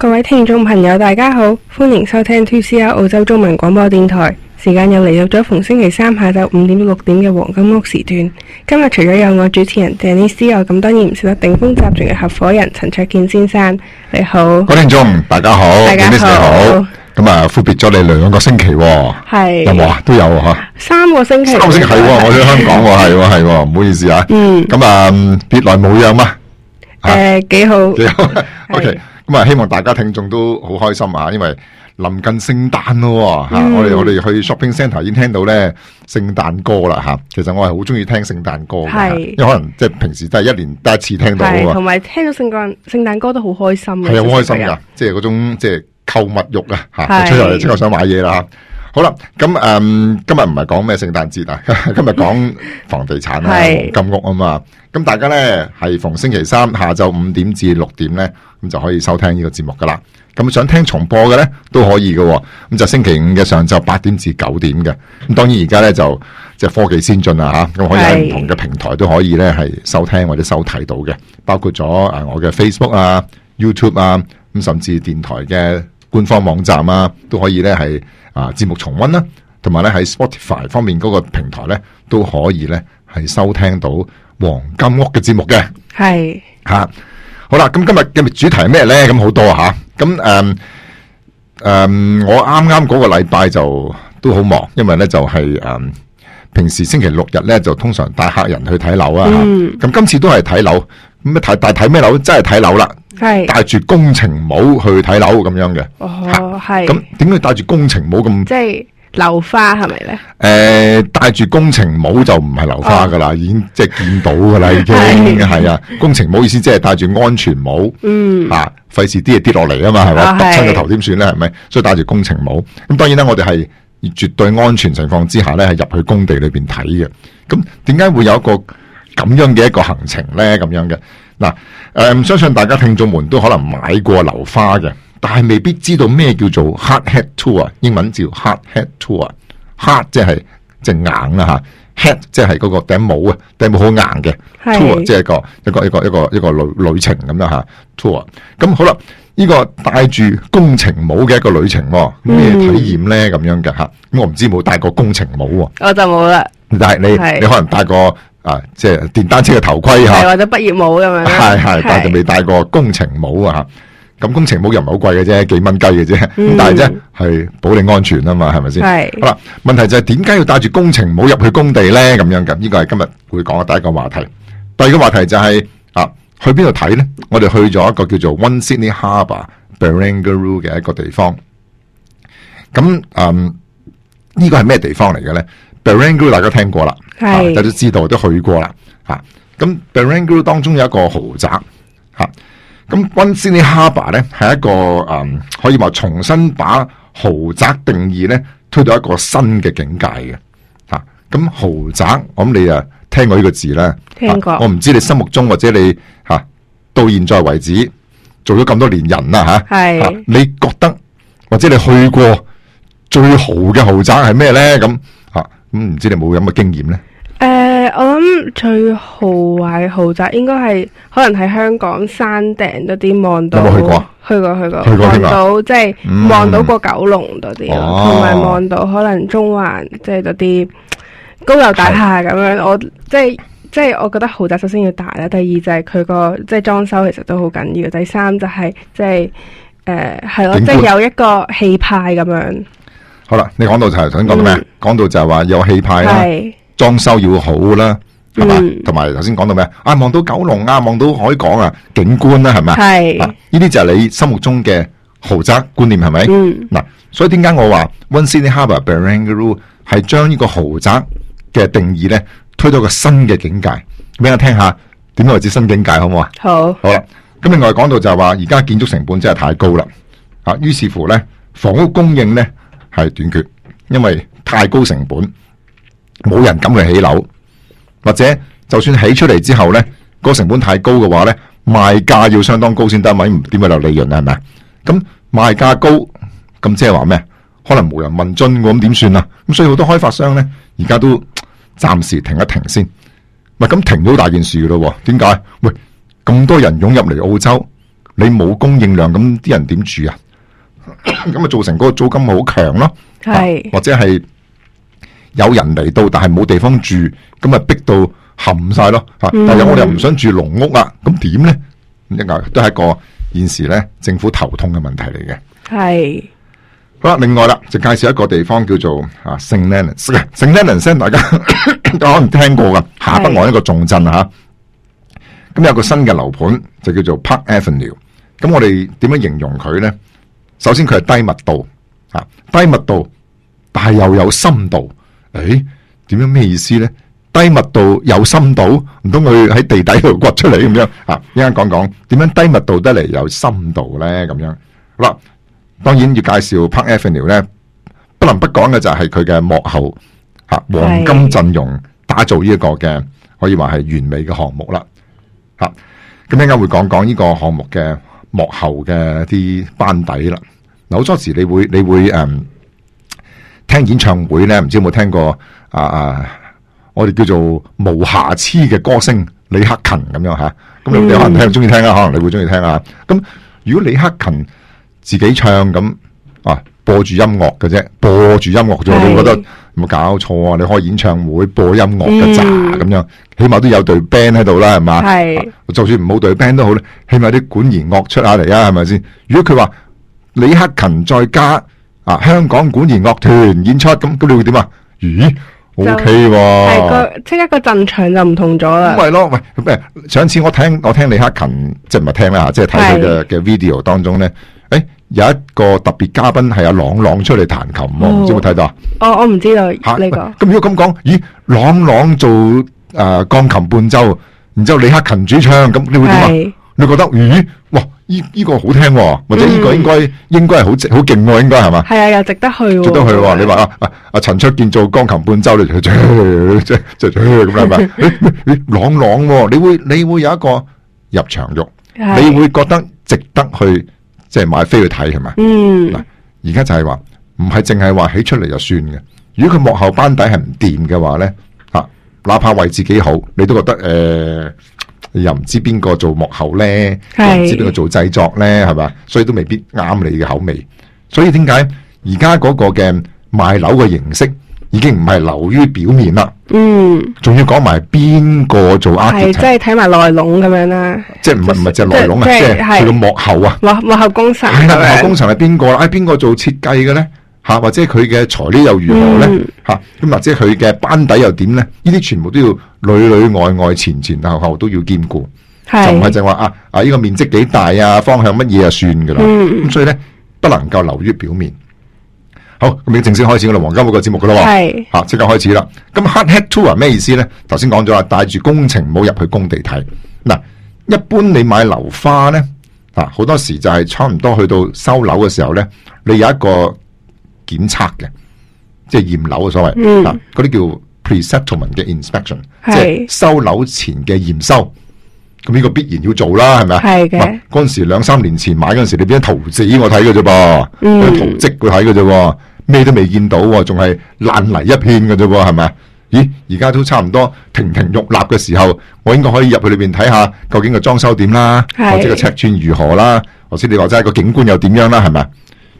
各位聽眾朋友，大家好，歡迎收聽 2CR 澳洲中文廣播電台。時間又嚟到咗逢星期三下晝五點六點嘅黃金屋時段。今日除咗有我主持人鄭麗斯外，咁當然唔少得鼎豐集團嘅合夥人陳卓健先生。你好，各位聽眾，大家好，鄭麗斯好。咁啊，闊別咗你兩個星期，啊，係有冇啊？都有啊，三個星期，啊，三星期係、啊、喎、啊，我喺香港喎、啊，係 喎、啊，係喎、啊，唔、啊啊、好意思啊。嗯，咁啊，別來無恙啊？誒、啊呃，幾好，幾好 ，OK。咁啊！希望大家聽眾都好開心啊！因為臨近聖誕咯，嚇、嗯啊、我哋我哋去 shopping centre 已經聽到咧聖誕歌啦嚇、啊。其實我係好中意聽聖誕歌嘅，因為可能即係平時都係一年得一次聽到，同埋聽到聖誕聖誕歌都好開心嘅，係啊，好開心噶，即係嗰種即係、就是、購物欲啊嚇，出嚟即刻我想買嘢啦。好啦，咁誒、嗯，今日唔係講咩聖誕節啦，今日講房地產啦、啊， 金屋啊嘛。咁大家咧係逢星期三下晝五點至六點咧，咁就可以收聽呢個節目噶啦。咁想聽重播嘅咧都可以嘅、哦，咁就星期五嘅上晝八點至九點嘅。咁當然而家咧就即係、就是、科技先進啦吓，咁可以喺唔同嘅平台都可以咧係收聽或者收睇到嘅，包括咗誒我嘅 Facebook 啊、YouTube 啊，咁甚至電台嘅官方網站啊，都可以咧係。啊！節目重溫啦、啊，同埋咧喺 Spotify 方面嗰個平台咧都可以咧係收聽到黃金屋嘅節目嘅，係吓、啊、好啦。咁今日嘅主題係咩咧？咁好多吓咁誒誒，我啱啱嗰個禮拜就都好忙，因為咧就係、是、誒、嗯、平時星期六日咧就通常帶客人去睇樓啊。咁、嗯啊、今次都係睇樓，咁睇但睇咩樓？真係睇樓啦。係帶住工程帽去睇樓咁樣嘅哦，係咁點解帶住工程帽咁？即係樓花係咪咧？誒、呃，帶住工程帽就唔係樓花噶啦，oh. 已經即係見到噶啦，已經係啊！ 工程帽意思即係帶住安全帽，嗯、mm. 啊，費事啲嘢跌落嚟啊嘛，係嘛，揼親個頭點算咧？係咪？所以帶住工程帽咁，當然啦，我哋係絕對安全情況之下咧，係入去工地裏邊睇嘅。咁點解會有一個咁樣嘅一個行程咧？咁樣嘅？嗱，誒，相信大家聽眾們都可能買過樓花嘅，但係未必知道咩叫做 hard hat tour 英文叫 hard hat tour hat 即係即係硬啦吓，hat 即係嗰個頂帽啊，頂帽好硬嘅，tour 即係個一個一個一個一個,一個旅旅程咁樣吓，tour 咁好啦，呢、這個戴住工程帽嘅一個旅程，咩體驗咧咁樣嘅吓，咁我唔知有冇戴過工程帽，我就冇啦，但係你是你可能戴過。啊，即係電單車嘅頭盔吓，或者畢業帽咁樣，係係，但係就未帶過工程帽啊吓。咁工程帽又唔係好貴嘅啫，幾蚊雞嘅啫。但係咧係保你安全啊嘛，係咪先？係好啦。問題就係點解要帶住工程帽入去工地咧？咁樣咁，呢個係今日會講嘅第一個話題。第二個話題就係、是、啊，去邊度睇咧？我哋去咗一個叫做 One Sydney Harbour, Barangaroo 嘅一個地方。咁嗯，呢、這個係咩地方嚟嘅咧？Barangaroo 大家聽過啦。大家都知道我都去過啦。吓、啊，咁 Barangaroo 當中有一個豪宅吓，咁、啊、One Sydney Harbour 咧係一個誒、呃，可以話重新把豪宅定義咧推到一個新嘅境界嘅吓。咁、啊、豪宅，咁你啊聽過呢個字咧？聽過。啊、我唔知你心目中或者你吓、啊、到現在為止做咗咁多年人啦吓，係、啊啊，你覺得或者你去過最豪嘅豪宅係咩咧？咁吓咁唔知你冇咁嘅經驗咧？我諗最豪華嘅豪宅應該係可能喺香港山頂嗰啲望到，有冇去、啊、去過去過，去過，去過，到、嗯、即係望到嗰個九龍多啲同埋望到可能中環即係嗰啲高樓大廈咁樣。我即係即係，我覺得豪宅首先要大啦，第二就係佢個即係裝修其實都好緊要，第三就係即係誒係咯，即係、呃啊就是、有一個氣派咁樣。好啦，你講到就係頭先講到咩？講到、嗯、到就係話有氣派咯、啊。裝修要好啦，係嘛？同埋頭先講到咩啊？望到九龍啊，望到海港啊，景觀啦、啊，係咪？係，呢、啊、啲就係你心目中嘅豪宅觀念，係咪？嗱、嗯啊，所以點解我話 One Sydney Harbour Barangaroo 係將呢個豪宅嘅定義咧推到個新嘅境界？俾我聽一下，點為之新境界？好唔好啊？好，好啦。咁另外講到就係話，而家建築成本真係太高啦，啊，於是乎咧，房屋供應咧係短缺，因為太高成本。冇人敢去起樓，或者就算起出嚟之後咧，個成本太高嘅話咧，賣價要相當高先得，咪唔點會有利潤啊？係咪？咁賣價高，咁即係話咩？可能冇人問津，咁點算啊？咁所以好多開發商咧，而家都暫時停一停先。係咁停咗大件事咯？點解？喂，咁多人湧入嚟澳洲，你冇供應量，咁啲人點住啊？咁咪造成個租金好強咯？係、啊，或者係。有人嚟到，但係冇地方住，咁咪逼到冚晒咯吓！但係我哋又唔想住籠屋啊，咁點咧？咁一都係一個現時咧政府頭痛嘅問題嚟嘅。係好，另外啦，就介紹一個地方叫做啊 St Leonards，St Leonards 先，大家 可能聽過噶，下北岸一個重鎮吓。咁、啊、有個新嘅樓盤就叫做 Park Avenue。咁我哋點樣形容佢咧？首先佢係低密度，吓低密度，但係又有深度。誒、哎，點樣咩意思咧？低密度有深度，唔通佢喺地底度掘出嚟咁樣啊？ 講一陣講講，點樣低密度得嚟有深度咧？咁樣，好啦，當然要介紹 Park Avenue 咧，不能不講嘅就係佢嘅幕後吓黃金陣容打造呢一個嘅，可以話係完美嘅項目啦。吓，咁一陣會講講呢個項目嘅幕後嘅一啲班底啦。嗱，好多時你會你會誒。 聽演唱會咧，唔知有冇聽過啊？啊！我哋叫做無瑕疵嘅歌星，李克勤咁樣吓，咁、啊、你可能聽中意、嗯、聽啊，可能你會中意聽啊。咁、啊、如果李克勤自己唱咁啊，播住音樂嘅啫，播住音樂啫，你會覺得有冇搞錯啊？你開演唱會播音樂嘅咋咁樣？起碼都有隊 band 喺度啦，係嘛？就算唔好隊 band 都好咧，起碼啲管弦樂出下嚟啊，係咪先？如果佢話李克勤再加。啊！香港管弦樂團演出咁，咁你會點啊？咦？OK 喎，係個即係一個陣場就唔同咗啦。咁咪咯，喂，咩？上次我聽我聽李克勤，即係唔係聽啦吓，即係睇佢嘅嘅 video 當中咧，誒，有一個特別嘉賓係阿朗朗出嚟彈琴，唔知有冇睇到啊？哦，我唔知道呢個。咁如果咁講，咦？朗朗做誒鋼琴伴奏，然之後李克勤主唱，咁你會點啊？你覺得？咦？哇！依、這、依個好聽喎，哦，或者依個應該應該係好值好勁喎，應該係嘛？係啊，又值得去喎。值得去，哦、你話啊啊啊！陳焯楗做鋼琴伴奏，你就去唱，即即咁係咪？朗朗喎，你會你會有一個入場慾，你會覺得值得去，即、就、係、是、買飛去睇係咪？嗯。嗱，而家就係話唔係淨係話起出嚟就算嘅，如果佢幕後班底係唔掂嘅話咧，啊，哪怕位置幾好，你都覺得誒。呃又唔知邊個做幕後咧，唔知邊個做製作咧，係嘛，所以都未必啱你嘅口味。所以點解而家嗰個嘅賣樓嘅形式已經唔係流於表面啦？嗯，仲要講埋邊個做？係即係睇埋內龍咁樣啦，即係唔係唔係只內龍啊？即係佢個幕後啊，幕幕後工程係啦，幕後工程係邊個啦？唉，邊個做設計嘅咧？吓，或者佢嘅材料又如何咧？吓、嗯、咁或者佢嘅班底又點咧？呢啲全部都要裏裏外外前前後後都要兼顧，就唔係淨話啊啊！呢、啊這個面積幾大啊，方向乜嘢就算噶啦？咁、嗯、所以咧，不能夠流於表面。好，咁你正式開始我哋黃金屋嘅節目噶啦，係吓即刻開始啦。咁 Hard Hat Tour 係咩意思咧？頭先講咗啊，帶住工程唔好入去工地睇。嗱，一般你買樓花咧，啊好多時就係差唔多去到收樓嘅時候咧，你有一個。檢測嘅，即係驗樓嘅所謂，嗰、嗯、啲、啊、叫 pre-settlement 嘅 inspection，即係收樓前嘅驗收，咁呢個必然要做啦，係咪係嘅。嗰陣、啊、時兩三年前買嗰陣時，你邊啲圖紙我睇嘅啫噃，個圖積佢睇嘅啫，咩都未見到，仲係爛泥一片嘅啫噃，係咪？咦，而家都差唔多亭亭玉立嘅時候，我應該可以入去裏邊睇下，究竟個裝修點啦，或者個尺寸如何啦，或者你話齋個景觀又點樣啦，係咪？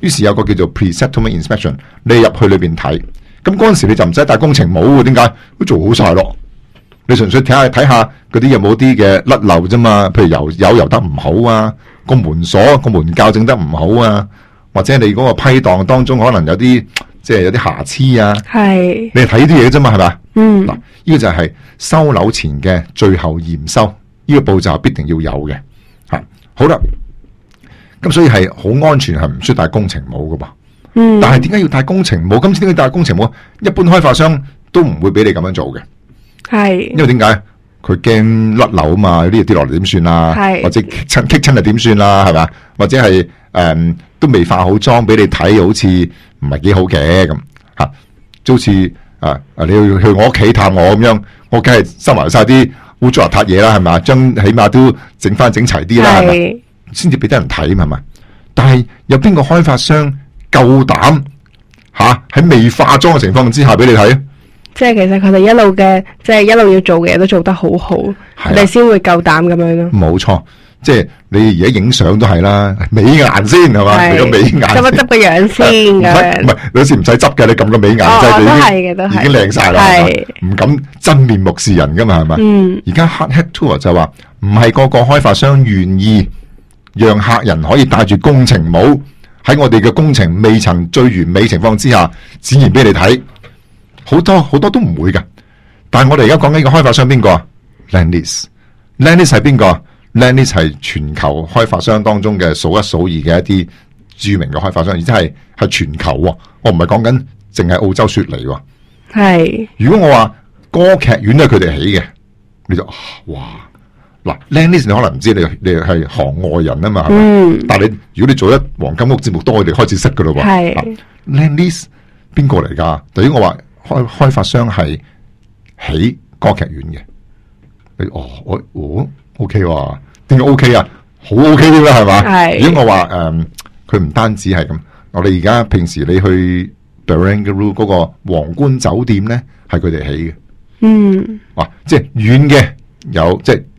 於是有個叫做 pre-settlement inspection，你入去裏邊睇，咁嗰陣時你就唔使戴工程帽喎？點解？都做好晒咯，你純粹睇下睇下嗰啲有冇啲嘅甩漏啫嘛？譬如油油油得唔好啊，個門鎖個門校整得唔好啊，或者你嗰個批檔當中可能有啲即係有啲瑕疵啊，係你係睇啲嘢啫嘛，係咪？嗯，依、呢個就係收樓前嘅最後驗收，呢、呢個步驟必定要有嘅嚇。好啦。咁所以係好安全，係唔需要帶工程帽噶噃、嗯，但係點解要帶工程帽？今次點解要帶工程帽？一般開發商都唔會俾你咁樣做嘅，係因為點解？佢驚甩樓啊嘛，有啲嘢跌落嚟點算啊？係或者砌砌親啊點算啦，係嘛？或者係誒、啊嗯、都未化好妝俾你睇，好似唔係幾好嘅咁吓，就好似啊啊你要去我屋企探我咁樣，我梗係收埋晒啲污糟邋遢嘢啦，係嘛？將起碼都整翻整齊啲啦，係咪？先至俾得人睇，係咪？但係有邊個開發商夠膽吓喺未化妝嘅情況之下俾你睇？即係其實佢哋一路嘅，即係一路要做嘅嘢都做得好好，你先會夠膽咁樣咯。冇錯，即係你而家影相都係啦，美顏先係嘛，個美顏。執乜執個樣先咁樣？唔係，老師唔使執嘅，你咁個美顏。哦，都係嘅，都係。已經靚晒啦，係唔敢真面目示人噶嘛？係咪？嗯。而家 Hard Hat Tour 就話唔係個個開發商願意。讓客人可以帶住工程帽喺我哋嘅工程未曾最完美情況之下展現俾你睇，好多好多都唔會嘅。但係我哋而家講緊個開發商邊個？Lendis，Lendis 係邊個？Lendis 係全球開發商當中嘅數一數二嘅一啲著名嘅開發商，而且係係全球。我唔係講緊淨係澳洲雪梨。係。如果我話歌劇院都係佢哋起嘅，你就哇。嗱，Lendlease 你可能唔知，你你係行外人啊嘛，嗯、但係你如果你做咗黃金屋節目多，我哋開始識嘅咯喎。Lendlease 邊個嚟㗎？第、啊、一我話開開發商係起歌劇院嘅。誒哦，我我 O K 喎，點 O K 啊？好 O K 啦，係嘛、OK？係。如果我話誒，佢、嗯、唔單止係咁，我哋而家平時你去 Barangaroo 嗰個皇冠酒店咧，係佢哋起嘅。嗯。哇、啊，即係遠嘅有即係。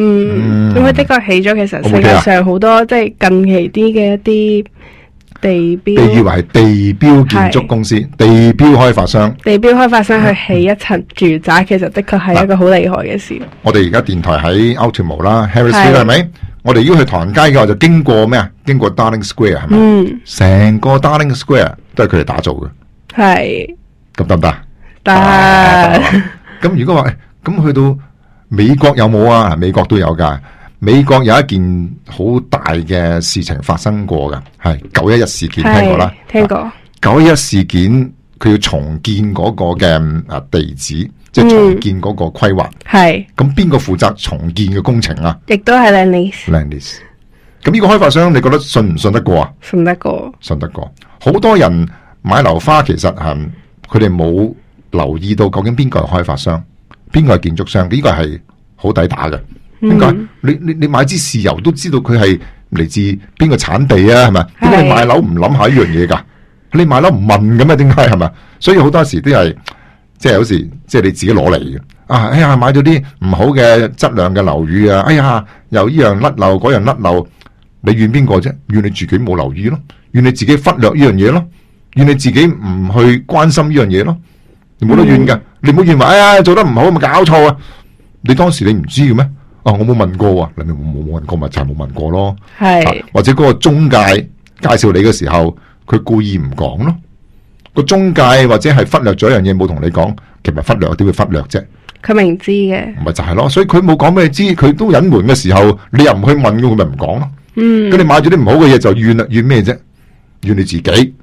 嗯，咁佢的確起咗其實世界上好多即係近期啲嘅一啲地標，被譽為地標建築公司、地標開發商、地標開發商去起一層住宅，其實的確係一個好厲害嘅事。我哋而家電台喺 Ultimo 啦，Harvest 係咪？我哋如果去唐人街嘅話，就經過咩啊？經過 Darling Square 係咪？嗯，成個 Darling Square 都係佢哋打造嘅。係，得得得，得。咁如果話誒，咁去到。美國有冇啊？美國都有噶。美國有一件好大嘅事情發生過嘅，係九一一事件聽過啦。聽過。啊，九一一事件佢要重建嗰個嘅啊地址，即係重建嗰個規劃。係、嗯。咁邊個負責重建嘅工程啊？亦都係 Lendlease。Lendlease。咁呢個開發商你覺得信唔信得過啊？信得過。信得過。好多人買樓花其實係佢哋冇留意到究竟邊個係開發商，邊個係建築商？呢個係好抵打嘅。mm-hmm. 點解？你你你買支豉油都知道佢係嚟自邊個產地啊？係咪？咁你買樓唔諗下呢樣嘢噶？你買樓唔問咁啊？點解係咪？所以好多時都係即係有時即係你自己攞嚟嘅。啊，哎呀，買咗啲唔好嘅質量嘅樓宇啊！哎呀，又依樣甩漏，嗰樣甩漏，你怨邊個啫？怨你自己冇留意咯，怨你自己忽略呢樣嘢咯，怨你自己唔去關心呢樣嘢咯。你冇得怨噶，你唔好怨埋。哎呀，做得唔好咪搞錯啊！你當時你唔知嘅咩？哦，我冇問過啊，你咪冇冇問過咪就係冇問過咯。係或者嗰個中介介紹你嘅時候，佢故意唔講咯。個中介或者係忽略咗一樣嘢冇同你講，其實忽略點會忽略啫？佢明知嘅，唔係就係咯。所以佢冇講俾你知，佢都隱瞞嘅時候，你又唔去問嘅，佢咪唔講咯。嗯，咁你買咗啲唔好嘅嘢就怨啦，怨咩啫？怨你自己。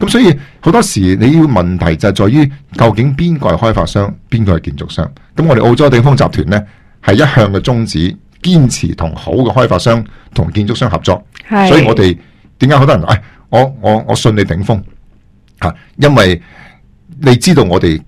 咁所以好多時你要問題就係在於究竟邊個係開發商，邊個係建築商？咁我哋澳洲頂峰集團呢，係一向嘅宗旨，堅持同好嘅開發商同建築商合作。係，所以我哋點解好多人誒、哎，我我我信你頂峰吓，因為你知道我哋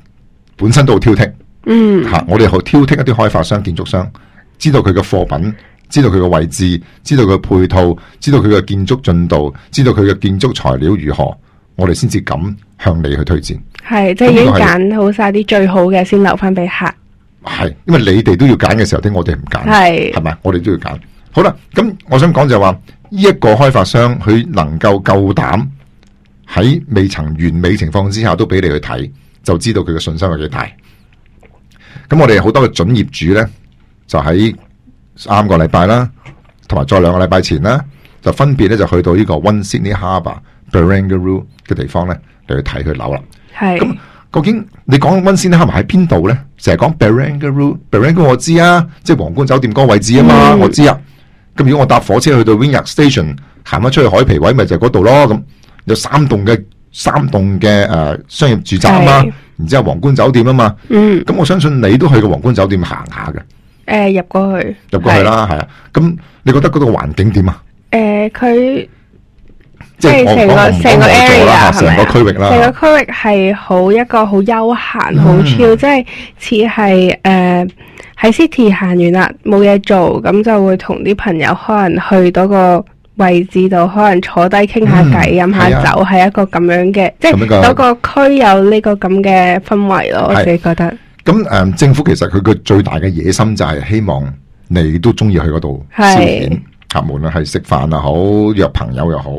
本身都好挑剔，嗯吓，我哋好挑剔一啲開發商、建築商，知道佢嘅貨品，知道佢嘅位置，知道佢嘅配套，知道佢嘅建築進度，知道佢嘅建築材料如何。我哋先至敢向你去推薦，係即係已經揀好晒啲最好嘅，先留翻俾客。係，因為你哋都要揀嘅時候，啲我哋唔揀，係係咪？我哋都要揀。好啦，咁我想講就係話，呢一個開發商佢能夠夠膽喺未曾完美情況之下，都俾你去睇，就知道佢嘅信心有幾大。咁我哋好多嘅準業主咧，就喺三個禮拜啦，同埋再兩個禮拜前啦，就分別咧就去到呢個 One Sydney Harbour。Barangaroo 嘅地方咧，你去睇佢樓啦。係咁、嗯，究竟你講溫先啦，係咪喺邊度咧？成日講 Barangaroo Barangaroo 我知啊，即係皇冠酒店嗰個位置啊嘛，嗯，我知啊。咁，嗯，如果我搭火車去到 Wynyard Station，行翻出去海皮位，咪就係嗰度咯。咁有三棟嘅三棟嘅誒，商業住宅啊嘛，然之後皇冠酒店啊嘛。嗯。咁，嗯，我相信你都去過皇冠酒店行下嘅。誒、呃，入過去。入過去啦，係啊。咁，嗯，你覺得嗰度環境點啊？誒、呃，佢。即係成個成個 area，係咪？成個區域啦，成個區域係好一個好休閒好超，mm. chill, 即係似係誒喺 city 行完啦，冇嘢做，咁就會同啲朋友可能去到個位置度，可能坐低傾下偈，飲、mm. 下酒，係、啊、一個咁樣嘅，即係嗰個區有呢個咁嘅氛圍咯。我自己覺得。咁誒，um, 政府其實佢個最大嘅野心就係希望你都中意去嗰度消遣。無論係食飯又好，約朋友又好，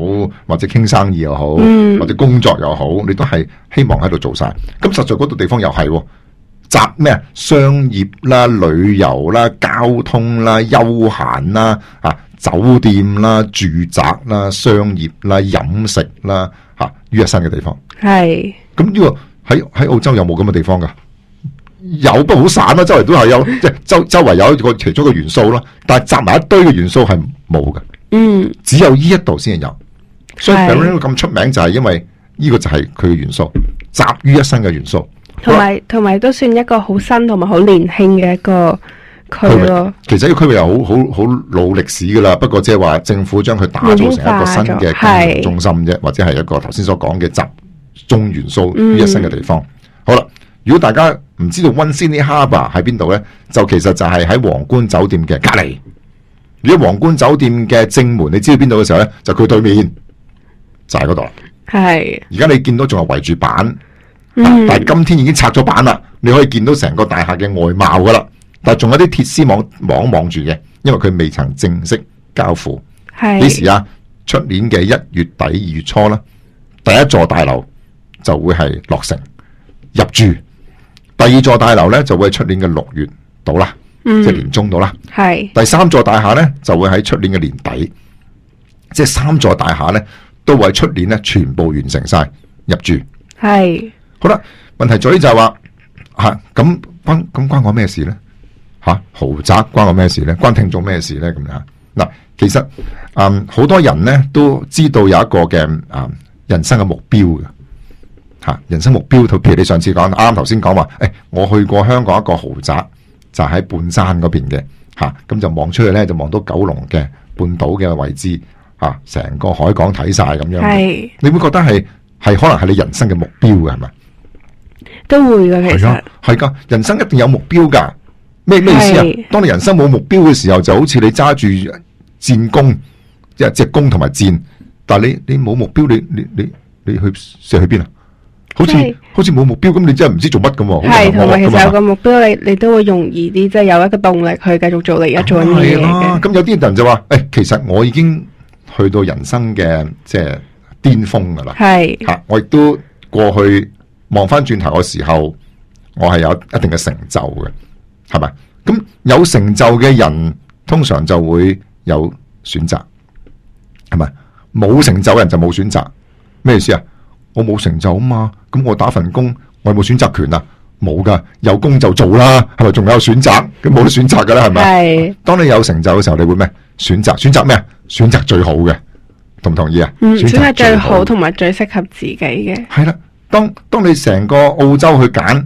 或者傾生意又好、嗯，或者工作又好，你都係希望喺度做晒。咁實在嗰度地方又係集咩？商業啦、旅遊啦、交通啦、休閒啦、啊酒店啦、住宅啦、商業啦、飲食啦，吓、啊，於一身嘅地方。係咁呢個喺喺澳洲有冇咁嘅地方噶？有不好散啦，周圍都係有，即係周周圍有一個其中嘅元素啦，但係集埋一堆嘅元素係冇嘅。嗯，只有呢一度先係有。所以 Barangaroo 咁出名就係因為呢個就係佢嘅元素，集於一身嘅元素。同埋同埋都算一個好新同埋好年輕嘅一個區域。其實個區域又好好好老歷史噶啦，不過即係話政府將佢打造成一個新嘅中心啫，或者係一個頭先所講嘅集眾元素於一身嘅地方。嗯、好啦。如果大家唔知道 One Sydney Harbour 喺邊度咧就其實就係喺皇冠酒店嘅隔籬。如果皇冠酒店嘅正門你知道邊度嘅時候咧就佢、是、對面就係嗰度啦。係。而家你見到仲係圍住板，嗯、但係今天已經拆咗板啦。你可以見到成個大廈嘅外貌噶啦，但係仲有啲鐵絲網網住嘅，因為佢未曾正式交付。係。幾時啊？出年嘅一月底二月初啦，第一座大樓就會係落成入住。第二座大樓咧就會喺出年嘅六月到啦，即、嗯、係、就是、年中到啦。係。第三座大廈咧就會喺出年嘅年底，即、就、係、是、三座大廈咧都會喺出年咧全部完成晒入住。係。好啦，問題在於就係話吓，咁關咁關我咩事咧？吓、啊、豪宅關我咩事咧？關聽眾咩事咧？咁樣嗱，其實嗯好多人咧都知道有一個嘅啊、嗯、人生嘅目標嘅。吓人生目標，譬如你上次講啱啱頭先講話，誒、欸，我去過香港一個豪宅就喺、是、半山嗰邊嘅吓，咁、啊、就望出去咧就望到九龍嘅半島嘅位置吓，成、啊、個海港睇晒咁樣，你會覺得係係可能係你人生嘅目標嘅係咪？都會噶，其實係噶、啊，人生一定有目標噶。咩咩意思啊？當你人生冇目標嘅時候，就好似你揸住戰弓，即係即係弓同埋箭，但係你你冇目標，你你你你去射去邊啊？好似好似冇目標咁，你真係唔知做乜噶喎。係，同埋其實有個目標，你你都會容易啲，即係有一個動力去繼續做你，你而家做緊嘢啦。咁有啲人就話：誒，其實我已經去到人生嘅即係巔峰噶啦。係吓，我亦都過去望翻轉頭嘅時候，我係有一定嘅成就嘅，係咪？咁有成就嘅人通常就會有選擇，係咪？冇成就嘅人就冇選擇，咩意思啊？我冇成就啊嘛。咁我打份工，我有冇選擇權啊？冇噶，有工就做啦，係咪仲有選擇？咁冇得選擇噶啦，係咪？係。當你有成就嘅時候，你會咩？選擇選擇咩啊？選擇最好嘅，同唔同意啊？嗯、選擇最好同埋最適合自己嘅。係啦，當當你成個澳洲去揀，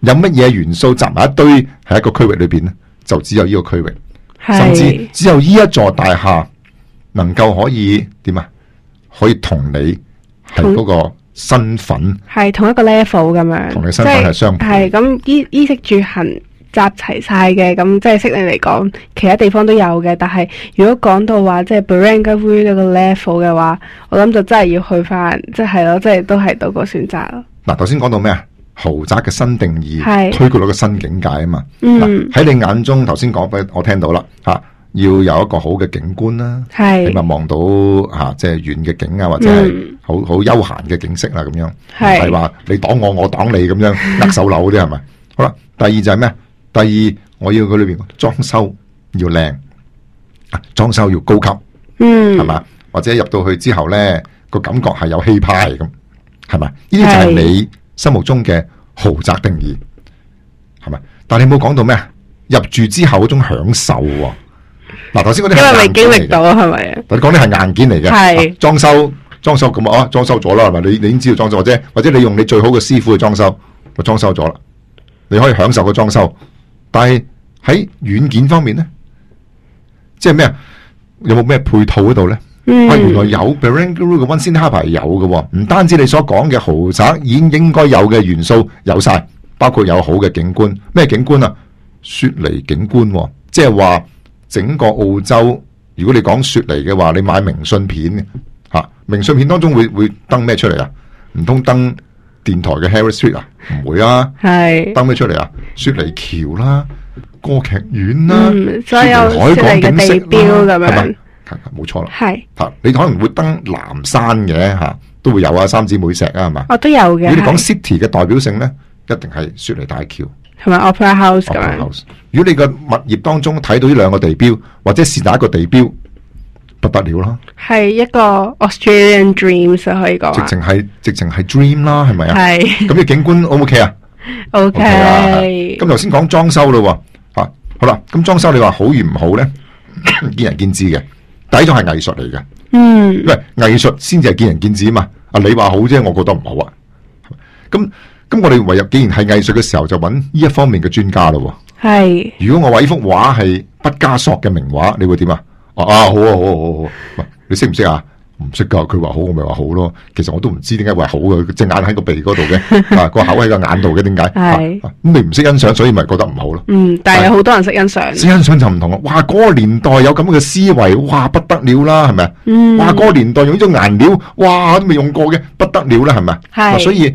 有乜嘢元素集埋一堆喺一個區域裏邊咧，就只有呢個區域，甚至只有呢一座大廈能夠可以點啊？可以同你係嗰、嗰個。嗯身份係同一個 level 咁樣，同你身份係相對，即係係咁衣衣食住行集齊晒嘅，咁、嗯、即係適你嚟講，其他地方都有嘅。但係如果講到話即係 Barangaroo 嗰個 level 嘅話，我諗就真係要去翻，即係咯，即、就、係、是、都係多個選擇。嗱，頭先講到咩啊？豪宅嘅新定義，推過咗個新境界啊嘛。嗱、嗯、喺、啊、你眼中，頭先講俾我聽到啦、吓、啊。要有一個好嘅景觀啦，你咪望到吓，即係遠嘅景啊，或者係好好悠閒嘅景色啦，咁樣，唔係話你擋我，我擋你咁樣，握手樓嗰啲係咪？好啦，第二就係咩？第二我要佢裏邊裝修要靚，啊，裝修要高級，嗯，係嘛？或者入到去之後咧，個感覺係有氣派咁，係咪？呢啲就係你心目中嘅豪宅定義，係咪？但係你冇講到咩？入住之後嗰種享受、哦。嗱、啊，頭先我哋因為未經歷到，係咪啊？你講啲係硬件嚟嘅，裝修裝修咁啊，裝修咗啦，係咪？你你已經知道裝修啫，或者你用你最好嘅師傅去裝修，就裝修咗啦。你可以享受個裝修，但係喺軟件方面咧，即係咩啊？有冇咩配套嗰度咧？啊，原來有 Barangaroo 嘅 One Sydney Harbour 有嘅，唔單止你所講嘅豪宅已經應該有嘅元素有晒，包括有好嘅景觀，咩景觀啊？雪梨景觀、啊，即係話。整個澳洲，如果你講雪梨嘅話，你買明信片，吓，明信片當中會會登咩出嚟啊？唔通登電台嘅 Harris Street 啊？唔會啊，係登咩出嚟啊？雪梨橋啦、啊，歌劇院啦、啊，嗯、所有雪梨海港嘅、啊、地標咁樣，係係冇錯啦。係啊，你可能會登藍山嘅吓、啊，都會有啊，三姊妹石啊，係嘛，我、哦、都有嘅。你哋講 City 嘅代表性咧，一定係雪梨大橋。同埋 Opera House 咁，如果你個物業當中睇到呢兩個地標，或者是哪一個地標，不得了啦！係一個 Australian Dreams 可以講、啊，直情係直情係 dream 啦，係咪、okay、啊？係咁你景觀 O 唔 OK 啊？OK，咁頭先講裝修咯、啊、吓、啊、好啦。咁裝修你話好與唔好咧， 見仁見智嘅。底咗係藝術嚟嘅，嗯，喂，藝術先至係見仁見智嘛。阿你話好啫，我覺得唔好啊。咁。咁我哋唯有，既然係藝術嘅時候，就搵呢一方面嘅專家咯。係。如果我話呢幅畫係畢加索嘅名畫，你會點啊？啊，好啊，好啊，好啊，好。你識唔識啊？唔識噶，佢話好，我咪話好咯。其實我都唔知點解話好嘅，隻眼喺個鼻嗰度嘅，個、 啊、口喺個眼度嘅，點解？係。咁、啊、你唔識欣賞，所以咪覺得唔好咯。嗯，但係有好多人識欣賞。識欣賞就唔同咯。哇，嗰、那個年代有咁嘅思維，哇，不得了啦，係咪？嗯。哇，嗰個年代用呢種顏料，哇，都未用過嘅，不得了啦，係咪？係。所以。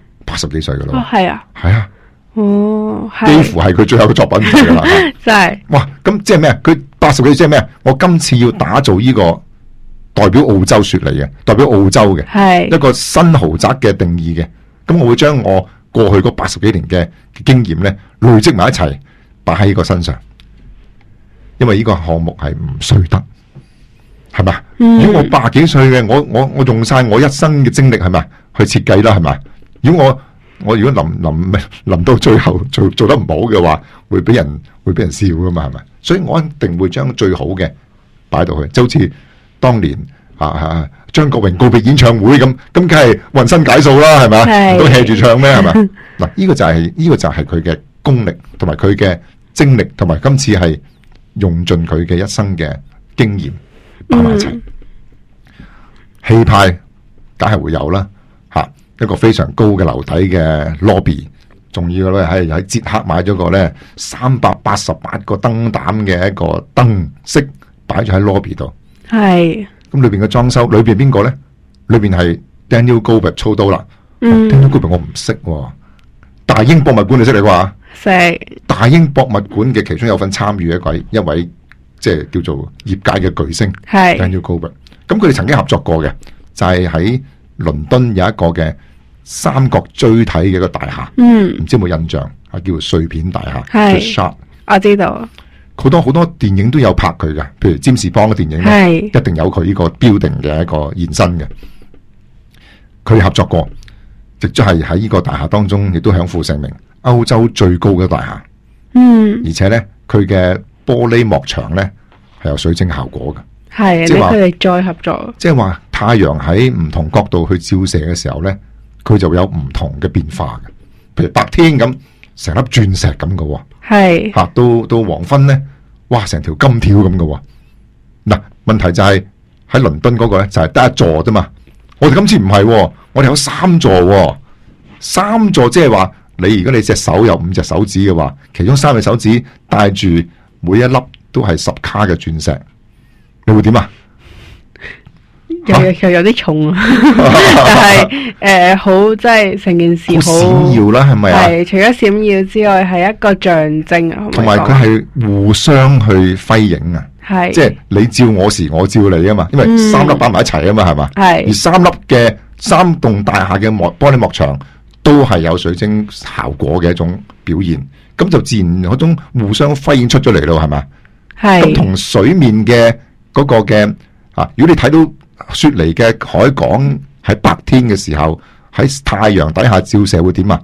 八十幾歲噶咯，係、哦、啊，係啊，哦，幾乎係佢最後嘅作品嚟噶啦，真 係。哇，咁即係咩啊？佢八十幾即係咩啊？我今次要打造呢個代表澳洲雪梨嘅，代表澳洲嘅，係一個新豪宅嘅定義嘅。咁我會將我過去嗰八十幾年嘅經驗咧累積埋一齊擺喺呢個身上，因為呢個項目係唔衰得，係嘛、嗯？如果我八幾歲嘅，我我我用晒我一生嘅精力係咪？去設計啦，係咪？如果我我如果臨臨臨到最後做做得唔好嘅話，會俾人會俾人笑噶嘛係咪？所以我一定會將最好嘅擺到去，就好似當年啊啊張國榮告別演唱會咁，咁梗係渾身解數啦係咪？都吃住唱咩係咪？嗱，呢、 啊呢個就係、是、呢、呢個就係佢嘅功力，同埋佢嘅精力，同埋今次係用盡佢嘅一生嘅經驗擺埋一齊，氣、嗯、派梗係會有啦吓。啊一個非常高嘅樓底嘅 lobby，仲要咧喺喺捷克買咗個咧三百八十八個燈膽嘅一個燈飾擺咗喺 lobby 度。係咁裏邊嘅裝修，裏邊係邊個咧？裏邊係 Daniel Goldberg 操刀啦，嗯哦。Daniel Goldberg 我唔識，大英博物館你識你啩？識大英博物館嘅其中有份參與嘅一位一位，即係叫做業界嘅巨星。係 Daniel Goldberg，咁佢哋曾經合作過嘅，就係喺倫敦有一個嘅。三角錐體嘅一個大廈，唔、嗯、知有冇印象啊？叫做碎片大廈，係，我知道。好多好多電影都有拍佢嘅，譬如詹士邦嘅電影，係一定有佢呢個 building 嘅一個現身嘅。佢合作過，直接係喺呢個大廈當中，亦都享負盛名。歐洲最高嘅大廈，嗯，而且咧，佢嘅玻璃幕牆咧係有水晶效果嘅，係。即係佢哋再合作，即係話太陽喺唔同角度去照射嘅時候咧。佢就會有唔同嘅變化嘅，譬如白天咁成粒鑽石咁嘅，係吓到，到黃昏咧，哇，成條金條咁嘅。嗱、啊、問題就係喺倫敦嗰個咧就係、是、得一座啫嘛，我哋今次唔係、哦，我哋有三座、哦，三座即係話你如果你隻手有五隻手指嘅話，其中三隻手指帶住每一粒都係十卡嘅鑽石，你會點啊？又、啊、有啲重，但係誒、呃、好，即係成件事好閃 耀啦，係咪啊？係除咗閃耀之外，係一個象徵，同埋佢係互相去輝映啊，係即係你照我時，我照你啊嘛，因為三粒擺埋一齊啊嘛，係、嗯、嘛？係而三粒嘅三棟大廈嘅幕玻璃幕牆都係有水晶效果嘅一種表現，咁就自然嗰種互相輝映出咗嚟咯，係嘛？係同水面嘅嗰個嘅啊，如果你睇到。雪梨嘅海港喺白天嘅時候喺太陽底下照射會點啊？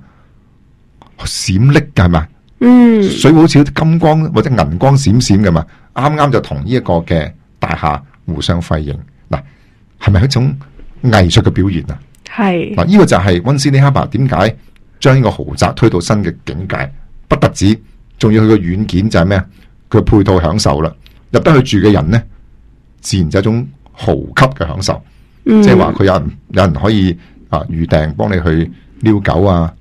閃爍嘅係咪？嗯，水好似金光或者銀光閃閃嘅嘛？啱啱就同呢一個嘅大廈互相輝映嗱，係咪一種藝術嘅表現啊？係嗱，呢個就係 One Sydney Harbour，點解將呢個豪宅推到新嘅境界？不特止，仲要佢個軟件就係咩啊？佢嘅配套享受啦，入得去住嘅人咧，自然就係一種。豪級嘅享受，即係話佢有人有人可以啊預訂幫你去遛狗啊，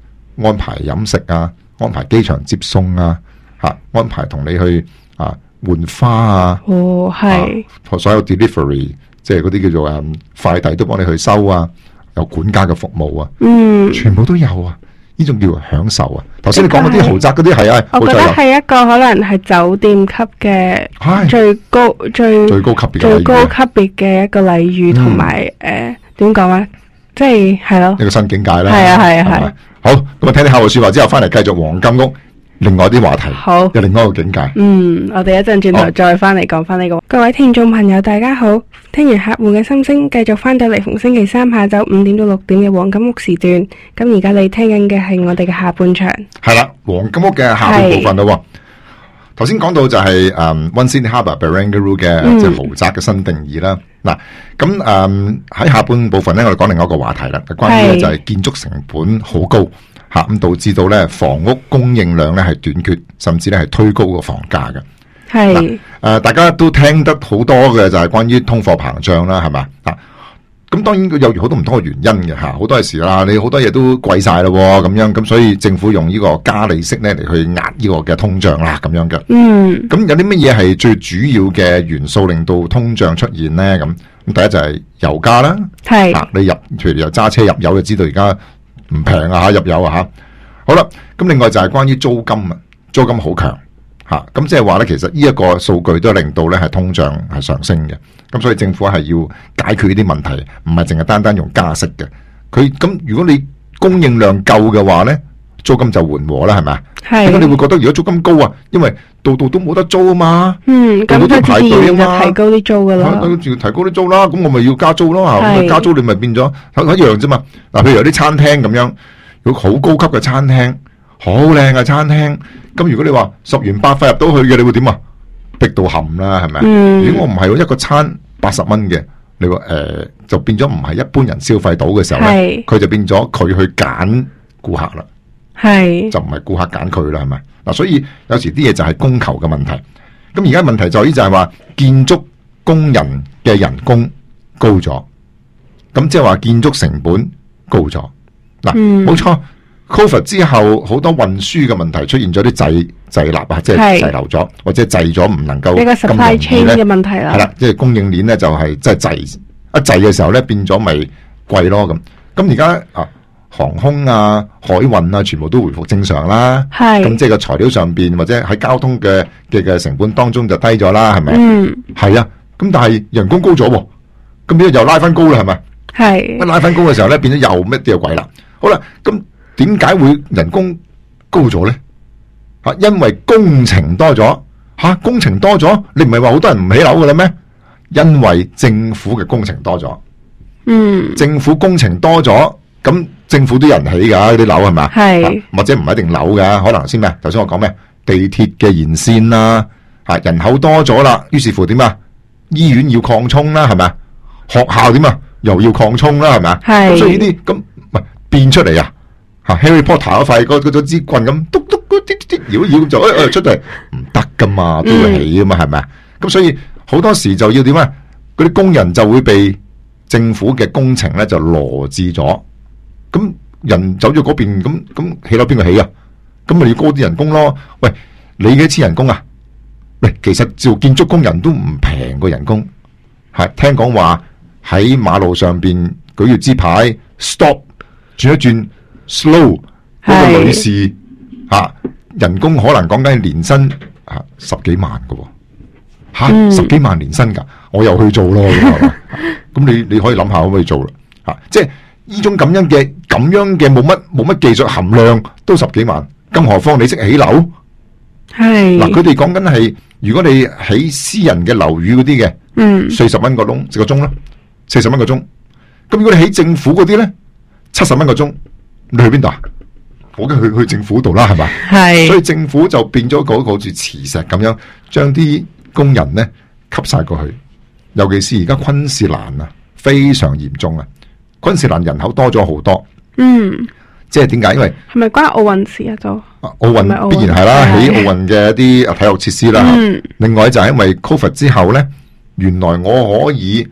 安排飲食啊，安排機場接送啊，吓、啊、安排同你去啊換花啊，哦係、啊，所有 delivery 即係嗰啲叫做快遞、嗯、都幫你去收啊，有管家嘅服務啊，嗯，全部都有啊。呢種叫做享受啊！頭先你講嗰啲豪宅嗰啲係啊，我覺得係一個可能係酒店級嘅最高最最高級別嘅一個禮遇，同埋誒點講咧？即係係咯，一個新境界啦！係啊係啊係、啊啊！好，咁啊聽你下戶說話之後，翻嚟繼續黃金屋。另外啲話題，有另外一個境界。嗯，我哋一陣轉頭再翻嚟講翻呢個。各位聽眾朋友，大家好，聽完客戶嘅心聲，繼續翻到嚟逢星期三下晝五點到六點嘅黃金屋時段。咁而家你在聽緊嘅係我哋嘅下半場。係啦，黃金屋嘅下,、就是 um, 嗯就是嗯、下半部分啦。頭先講到就係誒，One Sydney Harbour, Barangaroo 嘅即係豪宅嘅新定義啦。嗱，咁誒喺下半部分咧，我哋講另外一個話題啦。係關於就係建築成本好高。吓、啊、咁導致到咧房屋供應量咧係短缺，甚至咧係推高個房價嘅。係誒、啊啊，大家都聽得好多嘅就係關於通貨膨脹啦，係咪？啊？咁當然佢有好多唔同嘅原因嘅，吓，好、啊、多時啦，你好多嘢都貴晒咯咁樣，咁所以政府用呢個加利息咧嚟去壓呢個嘅通脹啦，咁樣嘅。嗯，咁有啲乜嘢係最主要嘅元素令到通脹出現咧？咁咁第一就係油價啦。係、啊、你入譬如油揸車入油就知道而家。唔平啊吓，入油啊吓，好啦，咁另外就係關於租金啊，租金好強吓，咁即係話咧，其實呢一個數據都令到咧係通脹係上升嘅。咁所以政府係要解決呢啲問題，唔係淨係單單用加息嘅，佢咁如果你供應量夠嘅話咧，租金就緩和啦，係咪啊？咁你會覺得如果租金高啊，因為度度都冇得租啊嘛。咁、嗯、就排隊啊嘛，提高啲租噶啦。咁、啊、提高啲租啦，咁我咪要加租咯，加租你咪變咗一一樣啫嘛。嗱，譬如有啲餐廳咁樣，有好高級嘅餐廳，好靚嘅餐廳。咁如果你話十元八塊入到去嘅，你會點啊？逼到冚啦，係咪、嗯？如果我唔係一個餐八十蚊嘅，你話誒、呃、就變咗唔係一般人消費到嘅時候咧，佢就變咗佢去揀顧客啦。係就唔係顧客揀佢啦，係咪嗱？所以有時啲嘢就係供求嘅問題。咁而家問題就喺就係話建築工人嘅人工高咗，咁即係話建築成本高咗。嗱、啊，冇錯，COVID 之後好多運輸嘅問題出現咗啲滯滯納啊，即係滯留咗或者滯咗唔能夠。呢個 supply chain 嘅問題啦，係啦，即係供應鏈咧就係即係滯一滯嘅時候咧，變咗咪貴咯咁。咁而家啊。航空啊，海運啊，全部都回復正常啦。係咁，即係個材料上邊或者喺交通嘅嘅嘅成本當中就低咗啦，係咪？嗯，係啊。咁但係人工高咗，哦，咁呢又拉翻高啦，係咪？係一拉翻高嘅時候咧，變咗又乜跌又鬼啦。好啦，咁點解會人工高咗咧？啊，因為工程多咗吓，啊，工程多咗，你唔係話好多人唔起樓噶啦咩？因為政府嘅工程多咗，嗯，政府工程多咗咁。啊政府都有人起噶、啊，嗰啲樓係嘛，或者唔一定樓㗎，可能先咩？頭先我講咩？地鐵嘅延線啦、啊，吓人口多咗啦，於是乎點啊？醫院要擴充啦、啊，係咪？學校點啊？又要擴充啦、啊，係咪？咁所以呢啲咁唔變出嚟啊？Harry Potter 嗰塊嗰嗰支棍咁，嘟嘟嘟滴滴滴，搖搖咁就誒誒出嚟，唔得噶嘛，都會起噶嘛，係咪？咁所以好多時就要點啊？嗰啲工人就會被政府嘅工程咧就羅致咗。咁人走咗嗰邊，咁咁起樓邊個起啊？咁咪要高啲人工咯？喂，你幾多錢人工啊？喂，其實做建築工人都唔平個人工，係聽講話喺馬路上邊舉住支牌 stop，轉一轉 slow，嗰個女士吓人、啊、工可能講緊係年薪吓、啊、十幾萬噶、哦，吓、啊嗯、十幾萬年薪噶，我又去做咯。咁 你你可以諗下可唔可以做啦？吓、啊，即係。呢種咁樣嘅咁樣嘅冇乜冇乜技術含量都十幾萬，咁何況你識起樓係嗱？佢哋講緊係如果你喺私人嘅樓宇嗰啲嘅，嗯，四十蚊個窿一個鐘，四十蚊個鐘。咁如果你喺政府嗰啲咧，七十蚊個鐘，你去邊度啊？我梗去去政府度啦，係嘛？係，所以政府就變咗個好似磁石咁樣，將啲工人咧吸晒過去。尤其是而家昆士蘭啊，非常嚴重啊！昆士蘭人口多咗好多，嗯，即係點解？因為係咪關奧運事啊？就奧運必然係啦，喺奧運嘅一啲啊體育設施啦、嗯。另外就係因為 COVID 之後呢，原來我可以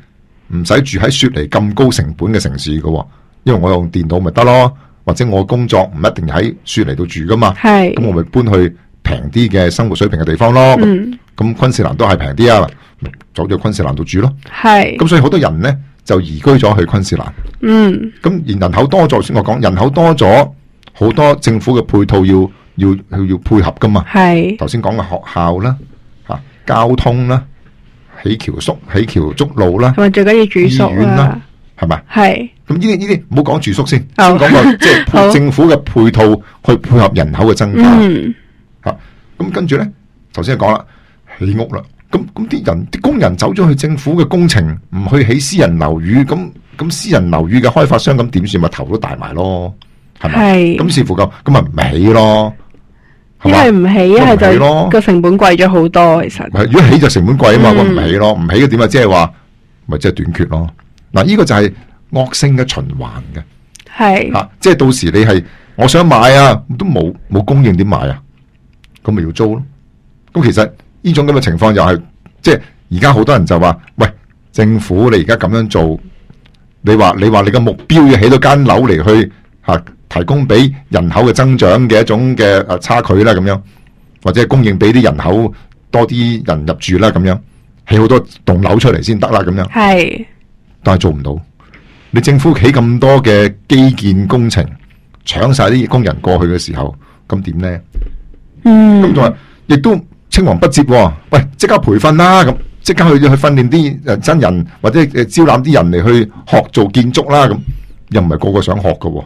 唔使住喺雪梨咁高成本嘅城市噶、喔，因為我用電腦咪得咯，或者我工作唔一定喺雪梨度住噶嘛。係咁，我咪搬去平啲嘅生活水平嘅地方咯。咁、嗯、昆士蘭都係平啲啊，走咗昆士蘭度住咯。係咁，所以好多人呢。就移居咗去昆士蘭。嗯，咁而人口多咗，先我講，人口多咗，好多政府嘅配套要要要配合噶嘛。係，頭先講嘅學校啦，吓交通啦，起橋縮，起橋築路啦，同埋最緊要住宿醫院啦，係咪？係。咁呢啲呢啲唔好講住宿先，先講個即係政府嘅配套去配合人口嘅增加。吓，咁跟住咧，頭先講啦，起屋啦。咁咁啲人啲工人走咗去政府嘅工程，唔去起私人樓宇，咁咁私人樓宇嘅開發商咁點算？咪頭都大埋咯，係咪？係咁，似乎咁，咁咪唔起咯，係嘛？一係唔起，一係就個成本貴咗好多。其實，如果起就成本貴啊嘛，嗯、我唔起咯，唔起嘅點啊？即係話咪即係短缺咯。嗱、啊，呢、這個就係惡性嘅循環嘅，係啊，即係到時你係我想買啊，都冇冇供應點買啊？咁咪要租咯。咁其實。呢種咁嘅情況又係，即係而家好多人就話喂，政府你而家咁樣做，你話你話你個目標要起到間樓嚟去吓，啊，提供俾人口嘅增長嘅一種嘅誒差距啦，咁樣或者供應俾啲人口多啲人入住啦，咁樣起好多棟樓出嚟先得啦，咁樣係，但係做唔到，你政府起咁多嘅基建工程，搶晒啲工人過去嘅時候，咁點咧？咁同埋，亦都。青黃不接，喂，即刻培訓啦，咁即刻去去訓練啲真人或者招攬啲人嚟去學做建築啦，咁又唔係個個想學嘅，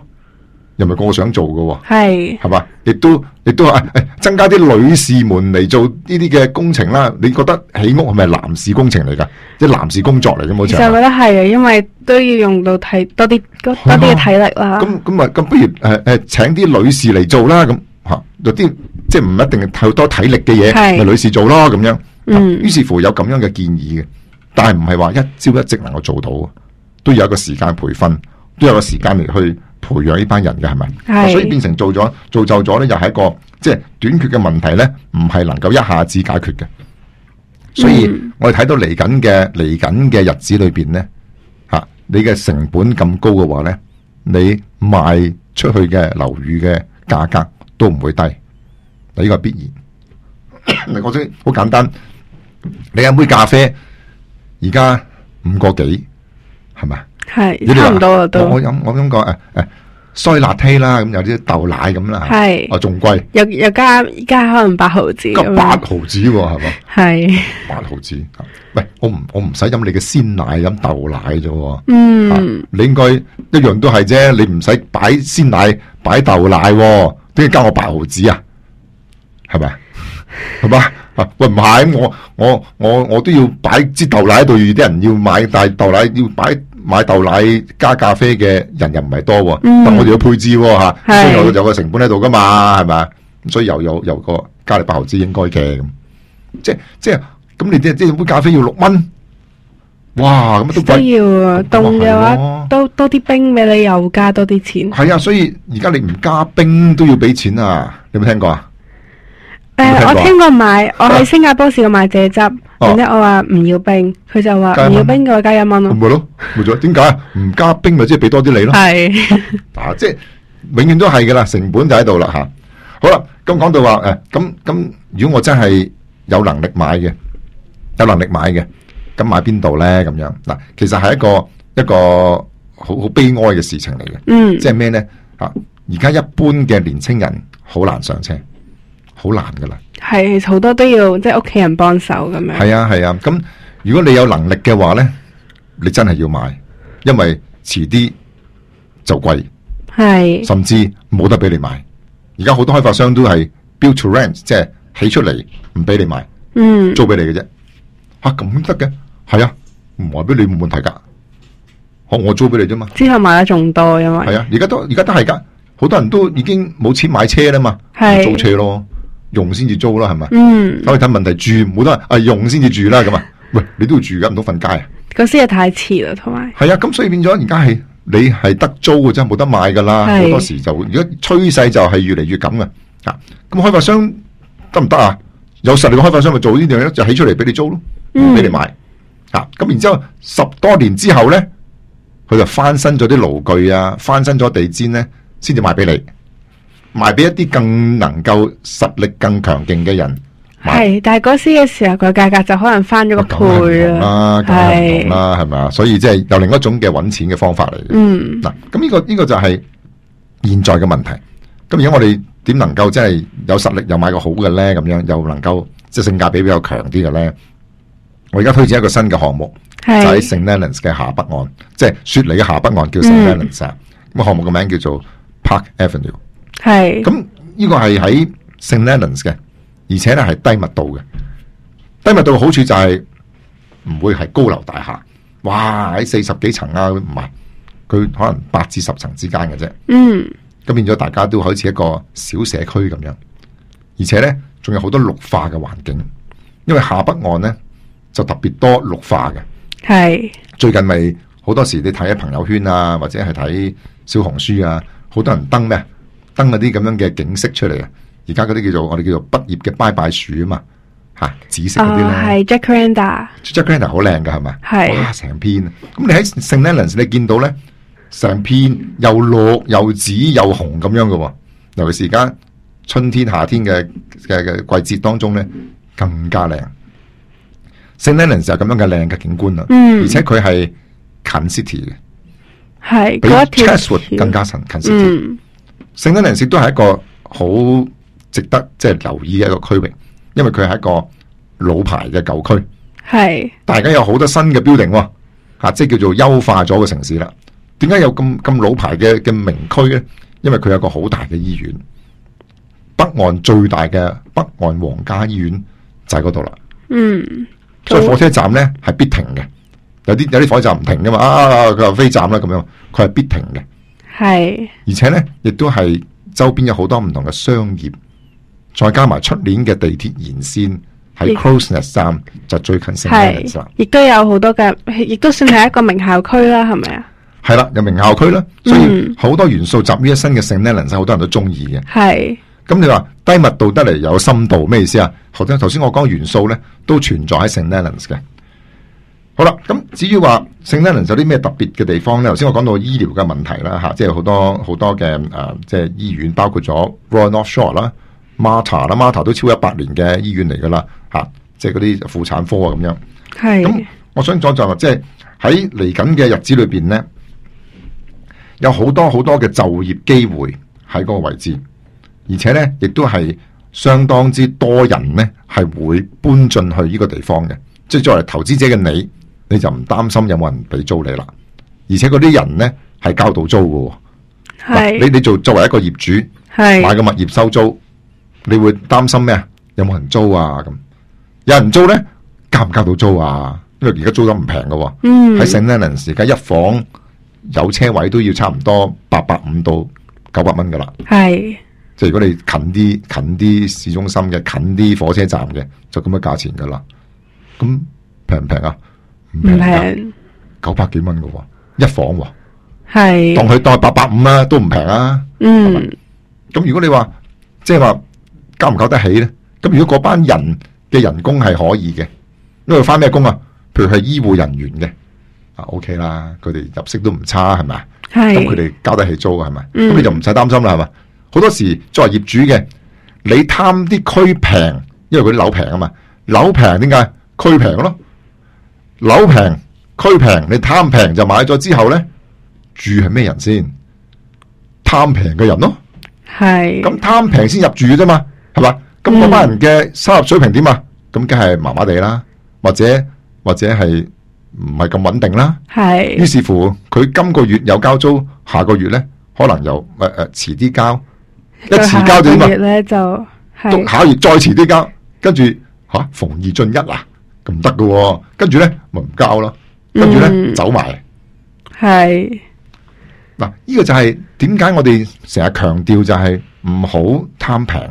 又唔係個個想做嘅，係係嘛？亦都亦都、哎、增加啲女士們嚟做呢啲嘅工程啦。你覺得起屋係咪男士工程嚟噶？即、就、係、是、男士工作嚟嘅冇錯。就覺得係啊，因為都要用到體多啲多啲嘅體力啦。咁咁啊咁，不如誒誒、呃，請啲女士嚟做啦，咁、嗯、吓有啲。即係唔一定係太多體力嘅嘢，咪女士做咯咁樣。嗯、於是乎有咁樣嘅建議嘅，但係唔係話一朝一夕能夠做到啊，都要有一個時間培訓，都要有個時間嚟去培養呢班人嘅，係咪？所以變成做咗做就咗咧，又係一個即係、就是、短缺嘅問題咧，唔係能夠一下子解決嘅。所以我哋睇到嚟緊嘅嚟緊嘅日子裏邊咧，吓、啊、你嘅成本咁高嘅話咧，你賣出去嘅樓宇嘅價格都唔會低。呢、這個必然，你覺得好簡單。你飲杯咖啡而家五個幾係咪？係、哎、差唔多我我、啊、啦。都我飲我飲過誒誒，衰辣梯啦咁，有啲豆奶咁啦。係啊，仲貴。有有加而家可能八毫子。八毫子係、哦、嘛？係八毫子。喂，我唔我唔使飲你嘅鮮奶，飲豆奶啫。嗯，啊、你應該一樣都係啫。你唔使擺鮮奶，擺豆奶、哦，都要加我八毫子啊！係咪？係嘛？喂，唔係我我我我都要擺支豆奶喺度，啲人要買但係豆奶，要擺買，買豆奶加咖啡嘅人又唔係多，嗯，但我哋要配置吓，啊，所以有，有個成本喺度噶嘛，係咪？所以又有又個加你百毫子應該嘅，即係即係咁你即即杯咖啡要六蚊，哇！咁都需要凍嘅話，多多啲冰俾你，又加多啲錢。係啊，所以而家你唔加冰都要俾錢啊？你有冇聽過啊？誒、嗯，我聽過買，我喺新加坡試過買蔗汁，咁、啊、咧我話唔要冰，佢就話唔要冰嘅加一蚊咯。咪咯，冇錯。我不了不了不冰就多點解 啊？唔加冰咪即係俾多啲你咯。係，嗱，即係永遠都係噶啦，成本就喺度啦吓。好啦，咁講到話誒，咁、啊、咁，如果我真係有能力買嘅，有能力買嘅，咁買邊度咧？咁樣嗱、啊，其實係一個一個好好悲哀嘅事情嚟嘅。嗯，即係咩咧？啊，而家一般嘅年青人好難上車。好難噶啦，係好多都要即係屋企人幫手咁樣。係啊，係啊，咁、啊、如果你有能力嘅話咧，你真係要買，因為遲啲就貴，係，甚至冇得俾你買。而家好多開發商都係 build to rent，即係起出嚟唔俾你買，嗯，租俾你嘅啫。吓咁得嘅，係啊，唔話俾你冇問題噶，我我租俾你啫嘛。之後買得仲多，因為係啊，而家都而家都係噶，好多人都已經冇錢買車啦嘛，租車咯。用先至租啦，係咪？嗯，可以睇問題住唔好得啊，用先至住啦，咁啊，喂，你都要住噶，唔通瞓街啊？嗰時又太遲啦，同埋係啊，咁所以變咗而家係你係得租嘅真啫，冇得賣噶啦。好多時就而家趨勢就係越嚟越咁噶，啊，咁開發商得唔得啊？有實力嘅開發商咪做呢樣嘢咧，就起出嚟俾你租咯，唔俾你買。吓、嗯、咁，啊、那然之後十多年之後咧，佢就翻新咗啲爐具啊，翻新咗地氈咧，先至賣俾你。賣俾一啲更能夠實力更強勁嘅人，係，但係嗰時嘅時候，個價格就可能翻咗個倍啦，係唔同啦，係咪啊？所以即係有另一種嘅揾錢嘅方法嚟嘅。嗯，嗱、啊、咁呢、這個呢、這個就係現在嘅問題。咁如果我哋點能夠即係有實力又買個好嘅咧？咁樣又能夠即係性價比比較強啲嘅咧？我而家推薦一個新嘅項目，嗯、就喺 St Leonards 嘅下北岸，即、就、係、是、雪梨嘅下北岸叫 St Leonards，咁項、嗯、目嘅名叫做 Park Avenue。係咁，呢個係喺聖奈爾斯嘅，而且咧，係低密度嘅。低密度嘅好處就係唔會係高樓大廈，哇喺四十幾層啊，唔係佢可能八至十層之間嘅啫。嗯，咁變咗大家都好似一個小社區咁樣，而且咧仲有好多綠化嘅環境，因為下北岸咧就特別多綠化嘅。係最近咪好多時你睇下朋友圈啊，或者係睇小紅書啊，好多人登咩？登嗰啲咁樣嘅景色出嚟啊！而家嗰啲叫做我哋叫做畢業嘅拜拜樹啊嘛，吓紫色嗰啲咧係 Jacaranda，Jacaranda 好靚噶係嘛，哇成片！咁、哦、你喺 St Leonards 你見到咧，成片又綠又紫又，又紅咁樣嘅、哦，尤其是而家春天、夏天嘅嘅季節當中咧，更加靚。St Leonards 就咁樣嘅靚嘅景觀啦、嗯，而且佢係近 city 嘅，係比 Chatswood 更加近、嗯、近 city、嗯。聖 St Leonards 都係一個好值得即係、就是、留意嘅一個區域，因為佢係一個老牌嘅舊區。係，而家有好多新嘅 building，吓，即係叫做優化咗個城市啦。點解有咁咁老牌嘅嘅名區咧？因為佢有一個好大嘅醫院，北岸最大嘅北岸皇家醫院就喺嗰度啦。嗯，所以火車站咧係必停嘅，有啲有啲火車站唔停噶嘛，啊佢又飛站啦咁樣，佢係必停嘅。係，而且咧，亦都係周邊有好多唔同嘅商業，再加埋出年嘅地鐵延線喺 Crows Nest 站就最近聖。係，亦都有好多嘅，亦都算係一個名校區啦，係咪啊？係 啦，有名校區啦，所以好多元素集於一身嘅 St Leonards，好、嗯、多人都中意嘅。係，咁你話低密度得嚟有深度咩意思啊？頭先頭先我講元素咧，都存在喺 St Leonards 嘅。好啦，咁至於話 St Leonards 有啲咩特別嘅地方咧？頭先我講到醫療嘅問題啦，吓、啊，即係好多好多嘅誒，即、呃、係、就是、醫院，包括咗 Royal North Shore 啦、Martha 啦、Martha 都超一百年嘅醫院嚟噶啦，吓、啊，即係嗰啲婦產科啊咁樣。係咁、嗯，我想講就係即係喺嚟緊嘅日子裏邊咧，有好多好多嘅就業機會喺嗰個位置，而且咧亦都係相當之多人咧係會搬進去呢個地方嘅。即、就、係、是、作為投資者嘅你。你就唔擔心有冇人俾租你啦？而且嗰啲人咧係交到租嘅。係你你做作為一個業主，係買個物業收租，你會擔心咩啊？有冇人租啊？咁有人租咧交唔交到租啊？因為而家租金唔平嘅。嗯，喺 St Leonards 而家一房有車位都要差唔多八百五到九百蚊嘅啦。係即係如果你近啲近啲市中心嘅，近啲火車站嘅，就咁嘅價錢嘅啦。咁平唔平啊？唔平，九百幾蚊嘅喎，一房喎，係當佢當八百五啊，都唔平啊。嗯，咁如果你話即係話交唔交得起咧？咁如果嗰班人嘅人工係可以嘅，因為返咩工啊？譬如係醫護人員嘅啊，OK 啦，佢哋入息都唔差係咪？係咁佢哋交得起租係咪？咁、嗯、你就唔使擔心啦係嘛？好多時作為業主嘅，你貪啲區平，因為佢啲樓平啊嘛，樓平點解區平咯？樓平區平，你貪平就買咗之後咧住係咩人先？貪平嘅人咯，係咁貪平先入住啫嘛，係嘛？咁嗰班人嘅收入水平點啊？咁梗係麻麻地啦，或者或者係唔係咁穩定啦？係。於是乎，佢今個月有交租，下個月咧可能又誒誒遲啲交，一遲交點啊？下個月咧就下個月再遲啲交，跟住吓逢二進一啊！唔得㗎，跟住咧咪唔交咯，跟住咧走埋。係嗱，呢、嗯，這個就係點解我哋成日強調就係唔好貪平。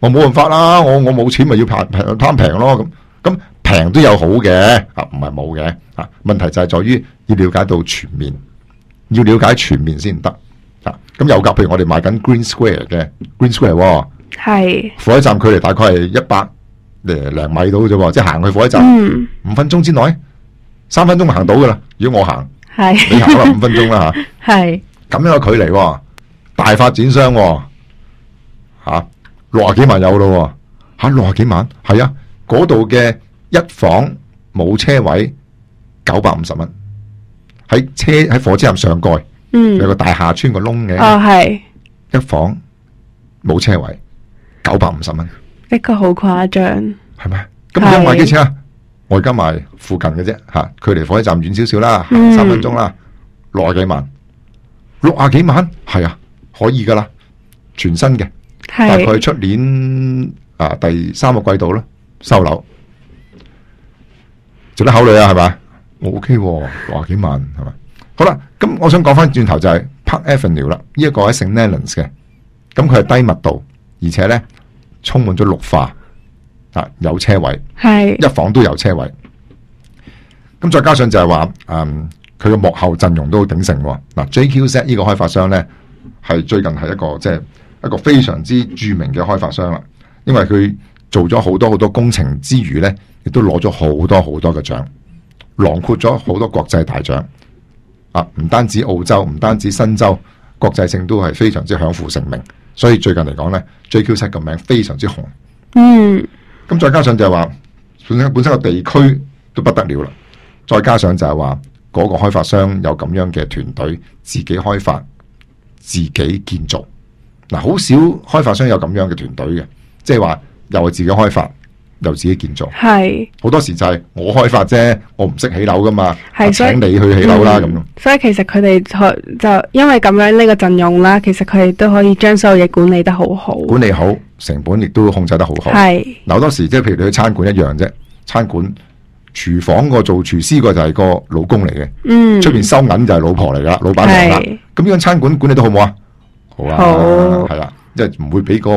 我冇辦法啦，我我冇錢咪要平平貪平咯。咁咁平都有好嘅吓，唔係冇嘅吓。問題就係在於要了解到全面，要了解全面先得。啊，咁有夾，譬如我哋賣緊 Green Square 嘅 Green Square，係火車站距離大概係一百。兩米到啫，即係行去火車站、嗯，五分鐘之內，三分鐘行到噶啦。如果我行，你行啦，五分鐘啦吓。係咁樣嘅距離，大發展商吓、啊，六十幾萬有咯，吓、啊、六十幾萬，係啊，嗰度嘅一房冇車位，九百五十蚊，喺車喺火車站上蓋、嗯，有個大廈村個窿嘅、哦，一房冇車位，九百五十蚊。的確好誇張，係咪？咁而家買幾錢啊？我而家買附近嘅啫，吓，距離火車站遠少少啦，三分鐘啦，六廿幾萬，六廿幾萬，係啊，可以噶啦，全新嘅，大概出年啊第三個季度啦收樓，值得考慮啊，係咪？我 OK 六廿幾萬，係咪？好啦，咁我想講返轉頭就係 Park Avenue 啦，呢一個喺 St Leonards 嘅，咁佢係低密度，而且咧。充滿咗綠化，啊，有車位，一房都有車位。咁再加上就係話，嗯、呃，佢嘅幕後陣容都好鼎盛。嗱、呃、JQZ 呢個開發商呢，係最近係一個即係、就是、一個非常之著名嘅開發商啦。因為佢做咗好多好多工程之餘呢，亦都攞咗好多好多嘅獎，囊括咗好多國際大獎。啊、呃，唔單止澳洲，唔單止新州，國際性都係非常之享負盛名。所以最近嚟講咧，JQ 七個名非常之紅。嗯，咁再加上就係話本身本身個地區都不得了啦，再加上就係話嗰個開發商有咁樣嘅團隊，自己開發、自己建造。嗱、啊，好少開發商有咁樣嘅團隊嘅，即係話又係自己開發。由自己建造，係好多時就係我開發啫，我唔識起樓噶嘛，我請你去起樓啦咁咯。所以其實佢哋就就因為咁樣呢個陣容啦，其實佢哋都可以將所有嘢管理得好好，管理好成本亦都控制得好好。係嗱，好多時即係譬如你去餐館一樣啫，餐館廚房個做廚師個就係個老公嚟嘅，嗯，出邊收銀就係老婆嚟噶，老闆嚟噶。咁呢間餐館管理得好唔好啊？好啊，好係啦，即係唔會俾個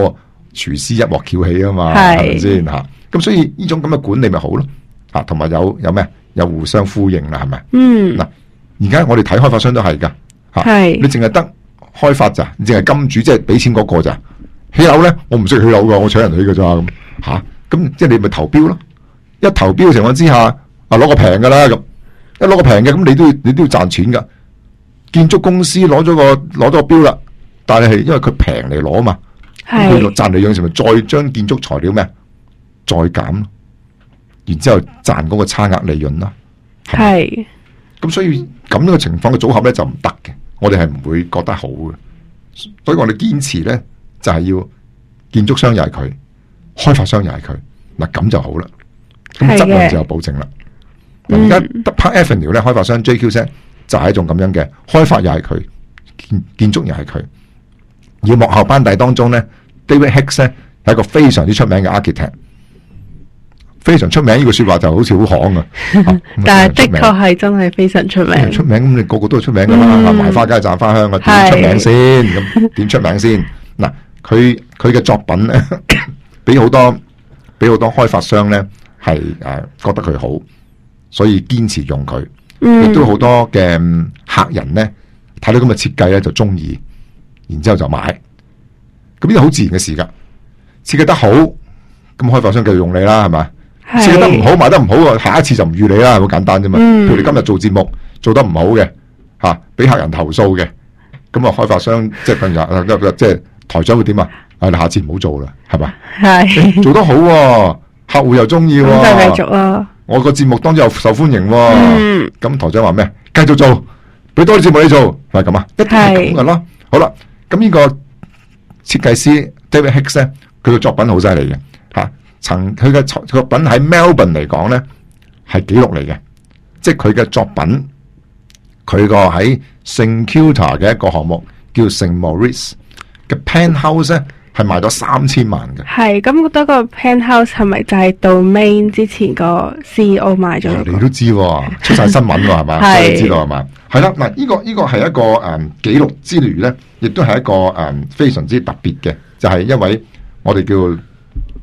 廚師一鑊翹起啊嘛，係咪先吓？咁所以呢種咁嘅管理咪好咯，吓同埋有有咩，有互相呼應啦，係咪？嗯。嗱，而家我哋睇開發商都係噶，吓。係。你淨係得開發咋？你淨係金主即係俾錢嗰個咋？起樓咧，我唔識佢起樓噶，我請人去噶咋咁。吓、啊，咁即係你咪投標咯？一投標嘅情況之下，啊，攞個平噶啦咁，一攞個平嘅，咁你都你都要賺錢噶。建築公司攞咗個攞咗個標啦，但係係因為佢平嚟攞嘛，佢賺嚟樣成咪再將建築材料咩？再減，然之後賺嗰個差額利潤啦。係，咁所以咁樣嘅情況嘅組合咧就唔得嘅，我哋係唔會覺得好嘅。所以我哋堅持咧就係、是、要，建築商又係佢，開發商又係佢，嗱咁就好啦。咁質量就有保證啦。而家 The Park Avenue 咧，開發商 JQZ 就係一種咁樣嘅開發又係佢，建建築又係佢。而幕後班底當中咧、嗯、，David Hicks 咧係一個非常之出名嘅 architect。非常出名呢、這個說話就好似好行啊！啊嗯、但係的確係真係非常出名。出名咁，你、那個、個個都係出名噶嘛？賣、嗯啊、花街讚花香啊，點出名先咁？點出名先嗱？佢佢嘅作品咧，俾 好多俾好多開發商咧係誒覺得佢好，所以堅持用佢。亦都好多嘅客人咧睇到咁嘅設計咧就中意，然之後就買咁呢個好自然嘅事噶。設計得好咁，那開發商繼續用你啦，係咪？做得唔好，賣得唔好嘅，下一次就唔預你啦，好簡單啫嘛、嗯。譬如你今日做節目做得唔好嘅，吓、啊、俾客人投訴嘅，咁啊開發商即係今日即係台長會點啊？係你下次唔好做啦，係嘛？係、欸、做得好、啊，客戶又中意、啊，咁繼續咯。我個節目當然又受歡迎、啊，咁、嗯、台長話咩？繼續做，俾多啲節目你做，係咁啊，一定係咁嘅咯。好啦，咁呢個設計師 David Hicks 咧，佢嘅作品好犀利嘅。曾佢嘅作品喺 Melbourne 嚟講咧，係紀錄嚟嘅，即係佢嘅作品，佢個喺 St Kilda 嘅一個項目叫 St Moritz 嘅 Penthouse 咧，係賣咗三千萬嘅。係咁，嗰多個 Penthouse 係咪就係 Domain 之前的 CEO、那個 CEO 賣咗？你都知道、啊，出晒新聞啦，係 嘛？是知道係嘛？係啦，嗱，呢、啊這個呢、這個係一個誒紀錄之餘咧，亦都係一個誒、呃、非常之特別嘅，就係一位我哋叫。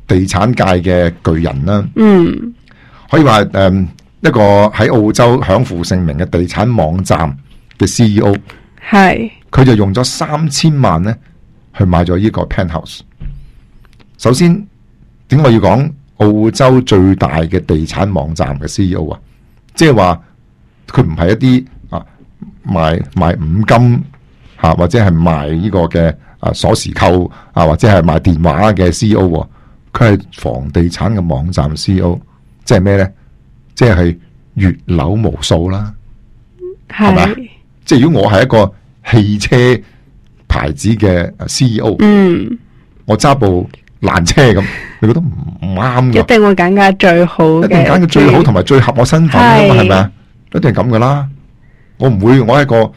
地產界嘅巨人啦，嗯，可以話誒一個喺澳洲享負盛名嘅地產網站嘅 C E O，係佢就用咗三千萬咧去買咗呢個 penthouse。首先，點解要講澳洲最大嘅地產網站嘅 C E O 啊？即係話佢唔係一啲啊賣賣五金吓，或者係賣呢個嘅啊鎖匙扣啊，或者係賣、啊、電話嘅 C E O。佢係房地產嘅網站 CEO，即係咩咧？即係月樓無數啦，係咪？即係如果我係一個汽車牌子嘅 CEO，嗯，我揸部爛車咁，你覺得唔啱嘅？一定會揀架最好的，一定揀個最好，同埋最合我身份噶嘛，係咪啊？一定係咁噶啦，我唔會，我係個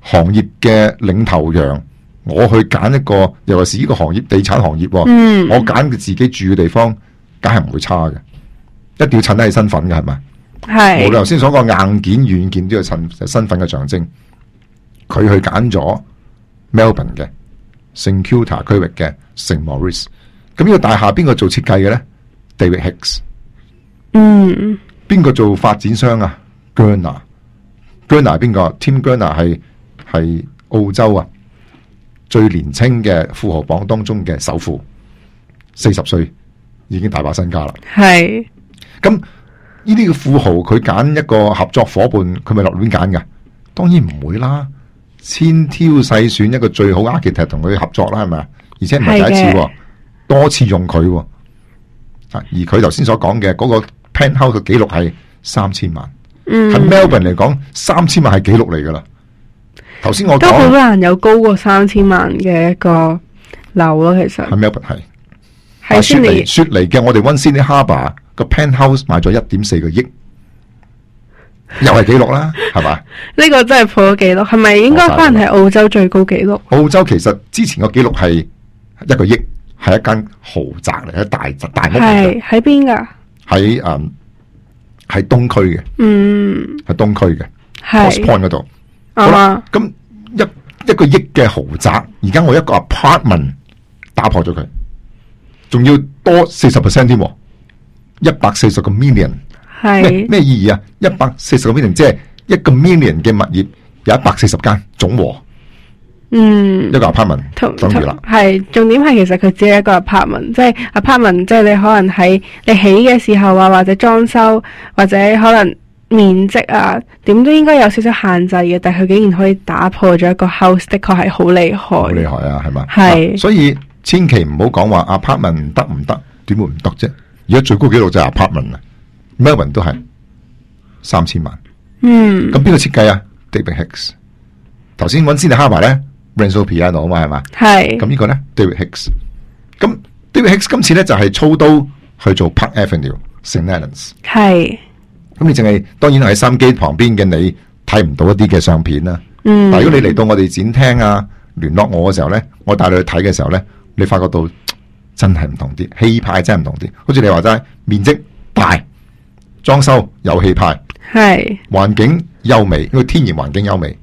行業嘅領頭羊。我去揀一個，尤其是呢個行業地產行業，哦嗯，我揀佢自己住嘅地方，梗係唔會差嘅。一定要襯得起身份嘅，係咪？係。我哋頭先所講硬件，軟件、軟件都要襯身份嘅象徵。佢去揀咗 Melbourne 嘅 St Kilda 區域嘅 Saint Moritz。咁呢個大廈邊個做設計嘅咧？David Hicks。嗯。邊個做發展商啊？Gurner Gurner 邊個？Tim Gurner 係，係澳洲啊。最年青嘅富豪榜當中嘅首富，四十歲已經大把身家啦。係，咁呢啲嘅富豪佢揀一個合作夥伴，佢咪落亂揀噶？當然唔會啦，千挑細選一個最好嘅 architect 同佢合作啦，係咪啊？而且唔係第一次，多次用佢。啊，而佢頭先所講嘅嗰個 Penthouse 嘅記錄係三千萬，喺、嗯、Melbourne 嚟講，三千萬係記錄嚟噶啦。頭先我都好難有高過三千萬嘅一個樓咯，其實係咩問題？係、啊、雪梨，雪梨嘅我哋 One Sydney Harbour 個 penthouse 買咗一點四個億，又係紀錄啦，係 嘛？呢、這個真係破咗紀錄，係咪應該可能係澳洲最高紀錄、哦？澳洲其實之前個紀錄係一個億，係一間豪宅嚟，一大大，大屋係喺邊噶？喺誒，喺東區嘅，嗯，喺東區嘅，Port 嗰度。嗯好啦，咁一一個億嘅豪宅，而家我一個 apartment 打破咗佢，仲要多四十 percent 添喎，一百四十個 million，係，咩意義啊？一百四十個 million，即係一個 million 嘅物業有一百四十間總和，嗯，一個 apartment，同同係重點係其實佢只係一個 apartment，即係 apartment，即係你可能喺你起嘅時候啊，或者裝修，或者可能。面積啊，點都應該有少少限制嘅，但係佢竟然可以打破咗一個 house，的確係好厲害。好厲害啊，係嘛？係、啊，所以千祈唔好講話 apartment 得唔得？點會唔得啫？而家最高紀錄就係 apartment 啊，Melbourne 都係三千萬。嗯，咁邊個設計啊？David Hicks，頭先 One Sydney Harbour 咧，Renzo Piano 攞嘛係嘛？係。咁呢個咧，David Hicks，咁 David Hicks 今次咧就係操刀去做 Park Avenue，St Leonards。係。咁你淨係當然喺心機旁邊嘅你睇唔到一啲嘅相片啦，啊嗯。但如果你嚟到我哋展廳啊，聯絡我嘅時候咧，我帶你去睇嘅時候咧，你發覺到真係唔同啲，氣派真係唔同啲。好似你話齋，面積大，裝修有氣派，係環境優美，因為天然環境優美，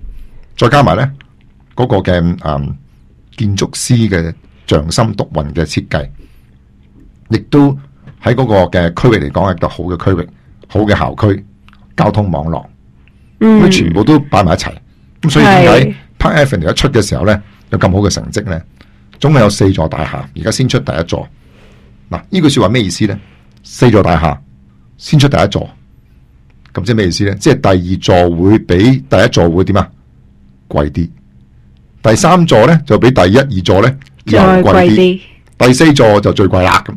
再加埋咧嗰個嘅嗯建築師嘅匠心獨運嘅設計，亦都喺嗰個嘅區域嚟講係一個好嘅區域。好嘅校區、交通網絡，咁，嗯，全部都擺埋一齊，咁所以點解 Park Avenue 一出嘅時候咧，有咁好嘅成績咧，總共有四座大廈，而家先出第一座。嗱，呢句說話咩意思咧？四座大廈先出第一座，咁即係咩意思咧？即係第二座會比第一座會點啊？貴啲？第三座咧就比第一、二座咧又貴啲。就係。第四座就最貴啦咁。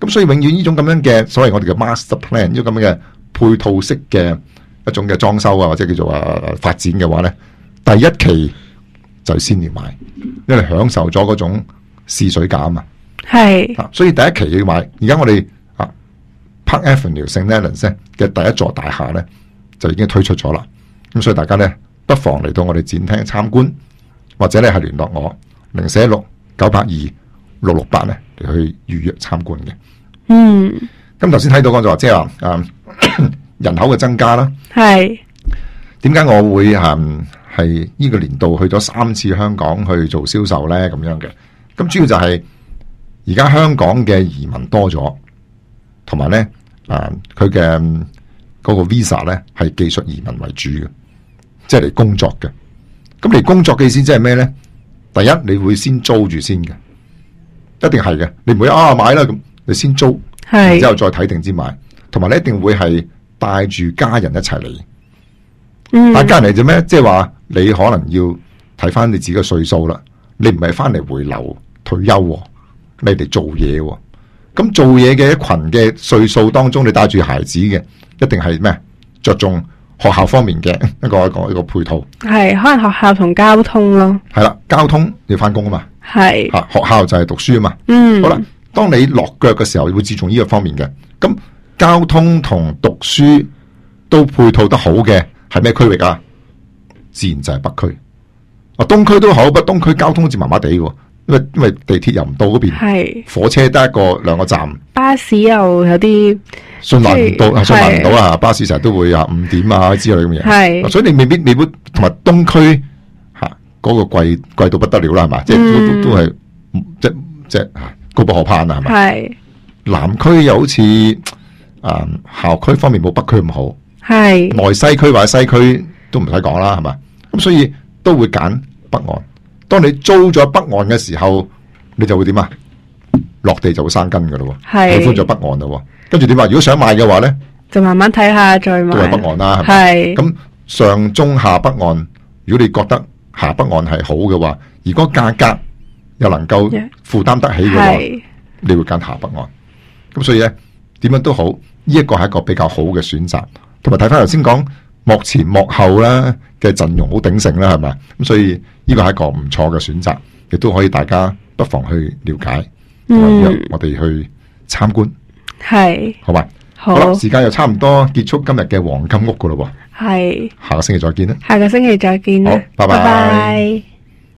咁、嗯、所以永遠呢種咁樣嘅所謂我哋嘅 master plan 呢種咁樣嘅配套式嘅一種嘅裝修啊，或者叫做啊發展嘅話咧，第一期就先要買，因為享受咗嗰種試水價啊嘛。係、啊，所以第一期要買。而家我哋啊 Park Avenue St Leonards 嘅第一座大廈咧就已經推出咗啦。咁、啊、所以大家咧不妨嚟到我哋展廳參觀，或者咧係聯絡我零四一六九八二六六八咧嚟去預約參觀嘅。嗯，咁頭先睇到講就話，即係啊，人口嘅增加啦。係，點解我會啊係呢個年度去咗三次香港去做銷售咧？咁樣嘅，咁主要就係而家香港嘅移民多咗，同埋咧佢嘅嗰個 visa 咧係技術移民為主嘅，即係嚟工作嘅。咁嚟工作嘅意思即係咩咧？第一你會先租住先嘅，一定係嘅，你唔會啊買啦咁。你先租，然之後再睇定先買，同埋你一定會係帶住家人一齊嚟，帶、嗯、家人嚟做咩？即係話你可能要睇翻你自己嘅歲數啦，你唔係翻嚟回流退休，你哋做嘢，咁做嘢嘅一群嘅歲數當中，你帶住孩子嘅，一定係咩？着重學校方面嘅一個一個一個配套，係可能學校同交通咯，係啦，交通要翻工啊嘛，係啊，學校就係讀書啊嘛，嗯，好啦。當你落腳嘅時候，會注重呢個方面嘅。咁交通同讀書都配套得好嘅，係咩區域啊？自然就係北區。啊，東區都好，但係東區交通就麻麻地，因為因為地鐵又唔到嗰邊，係火車得一個兩個站，巴士又有啲順行唔到，順行唔到啊。巴士成日都會啊，五點啊之類咁嘢，係所以你未必你會同埋東區吓嗰個貴貴到不得了啦，係嘛？即係都、嗯、都係即即吓。啊嗯、都不可攀係咪？係南區又好似誒，校區方面冇北區咁好。係內西區或者西區都唔使講啦，係嘛？咁所以都會揀北岸。當你租咗北岸嘅時候，你就會點啊？落地就會生根噶咯，係 favour 咗北岸咯。跟住點啊？如果想買嘅話咧，就慢慢睇下再買。都係北岸啦，係咁上中下北岸。如果你覺得下北岸係好嘅話，如果價格。又能夠負擔得起嘅話、yeah. 你會揀下北岸。咁所以咧，點樣都好，呢一個係一個比較好嘅選擇。同埋睇翻頭先講，mm. 幕前幕後啦嘅陣容好鼎盛啦，係咪？咁所以呢個係一個唔錯嘅選擇，亦都可以大家不妨去了解，同、mm. 埋我哋去參觀。係、mm.，好嘛？好，好時間又差唔多，結束今日嘅黃金屋噶啦。係，下個星期再見啦。下個星期再見啦，拜拜。Bye bye bye bye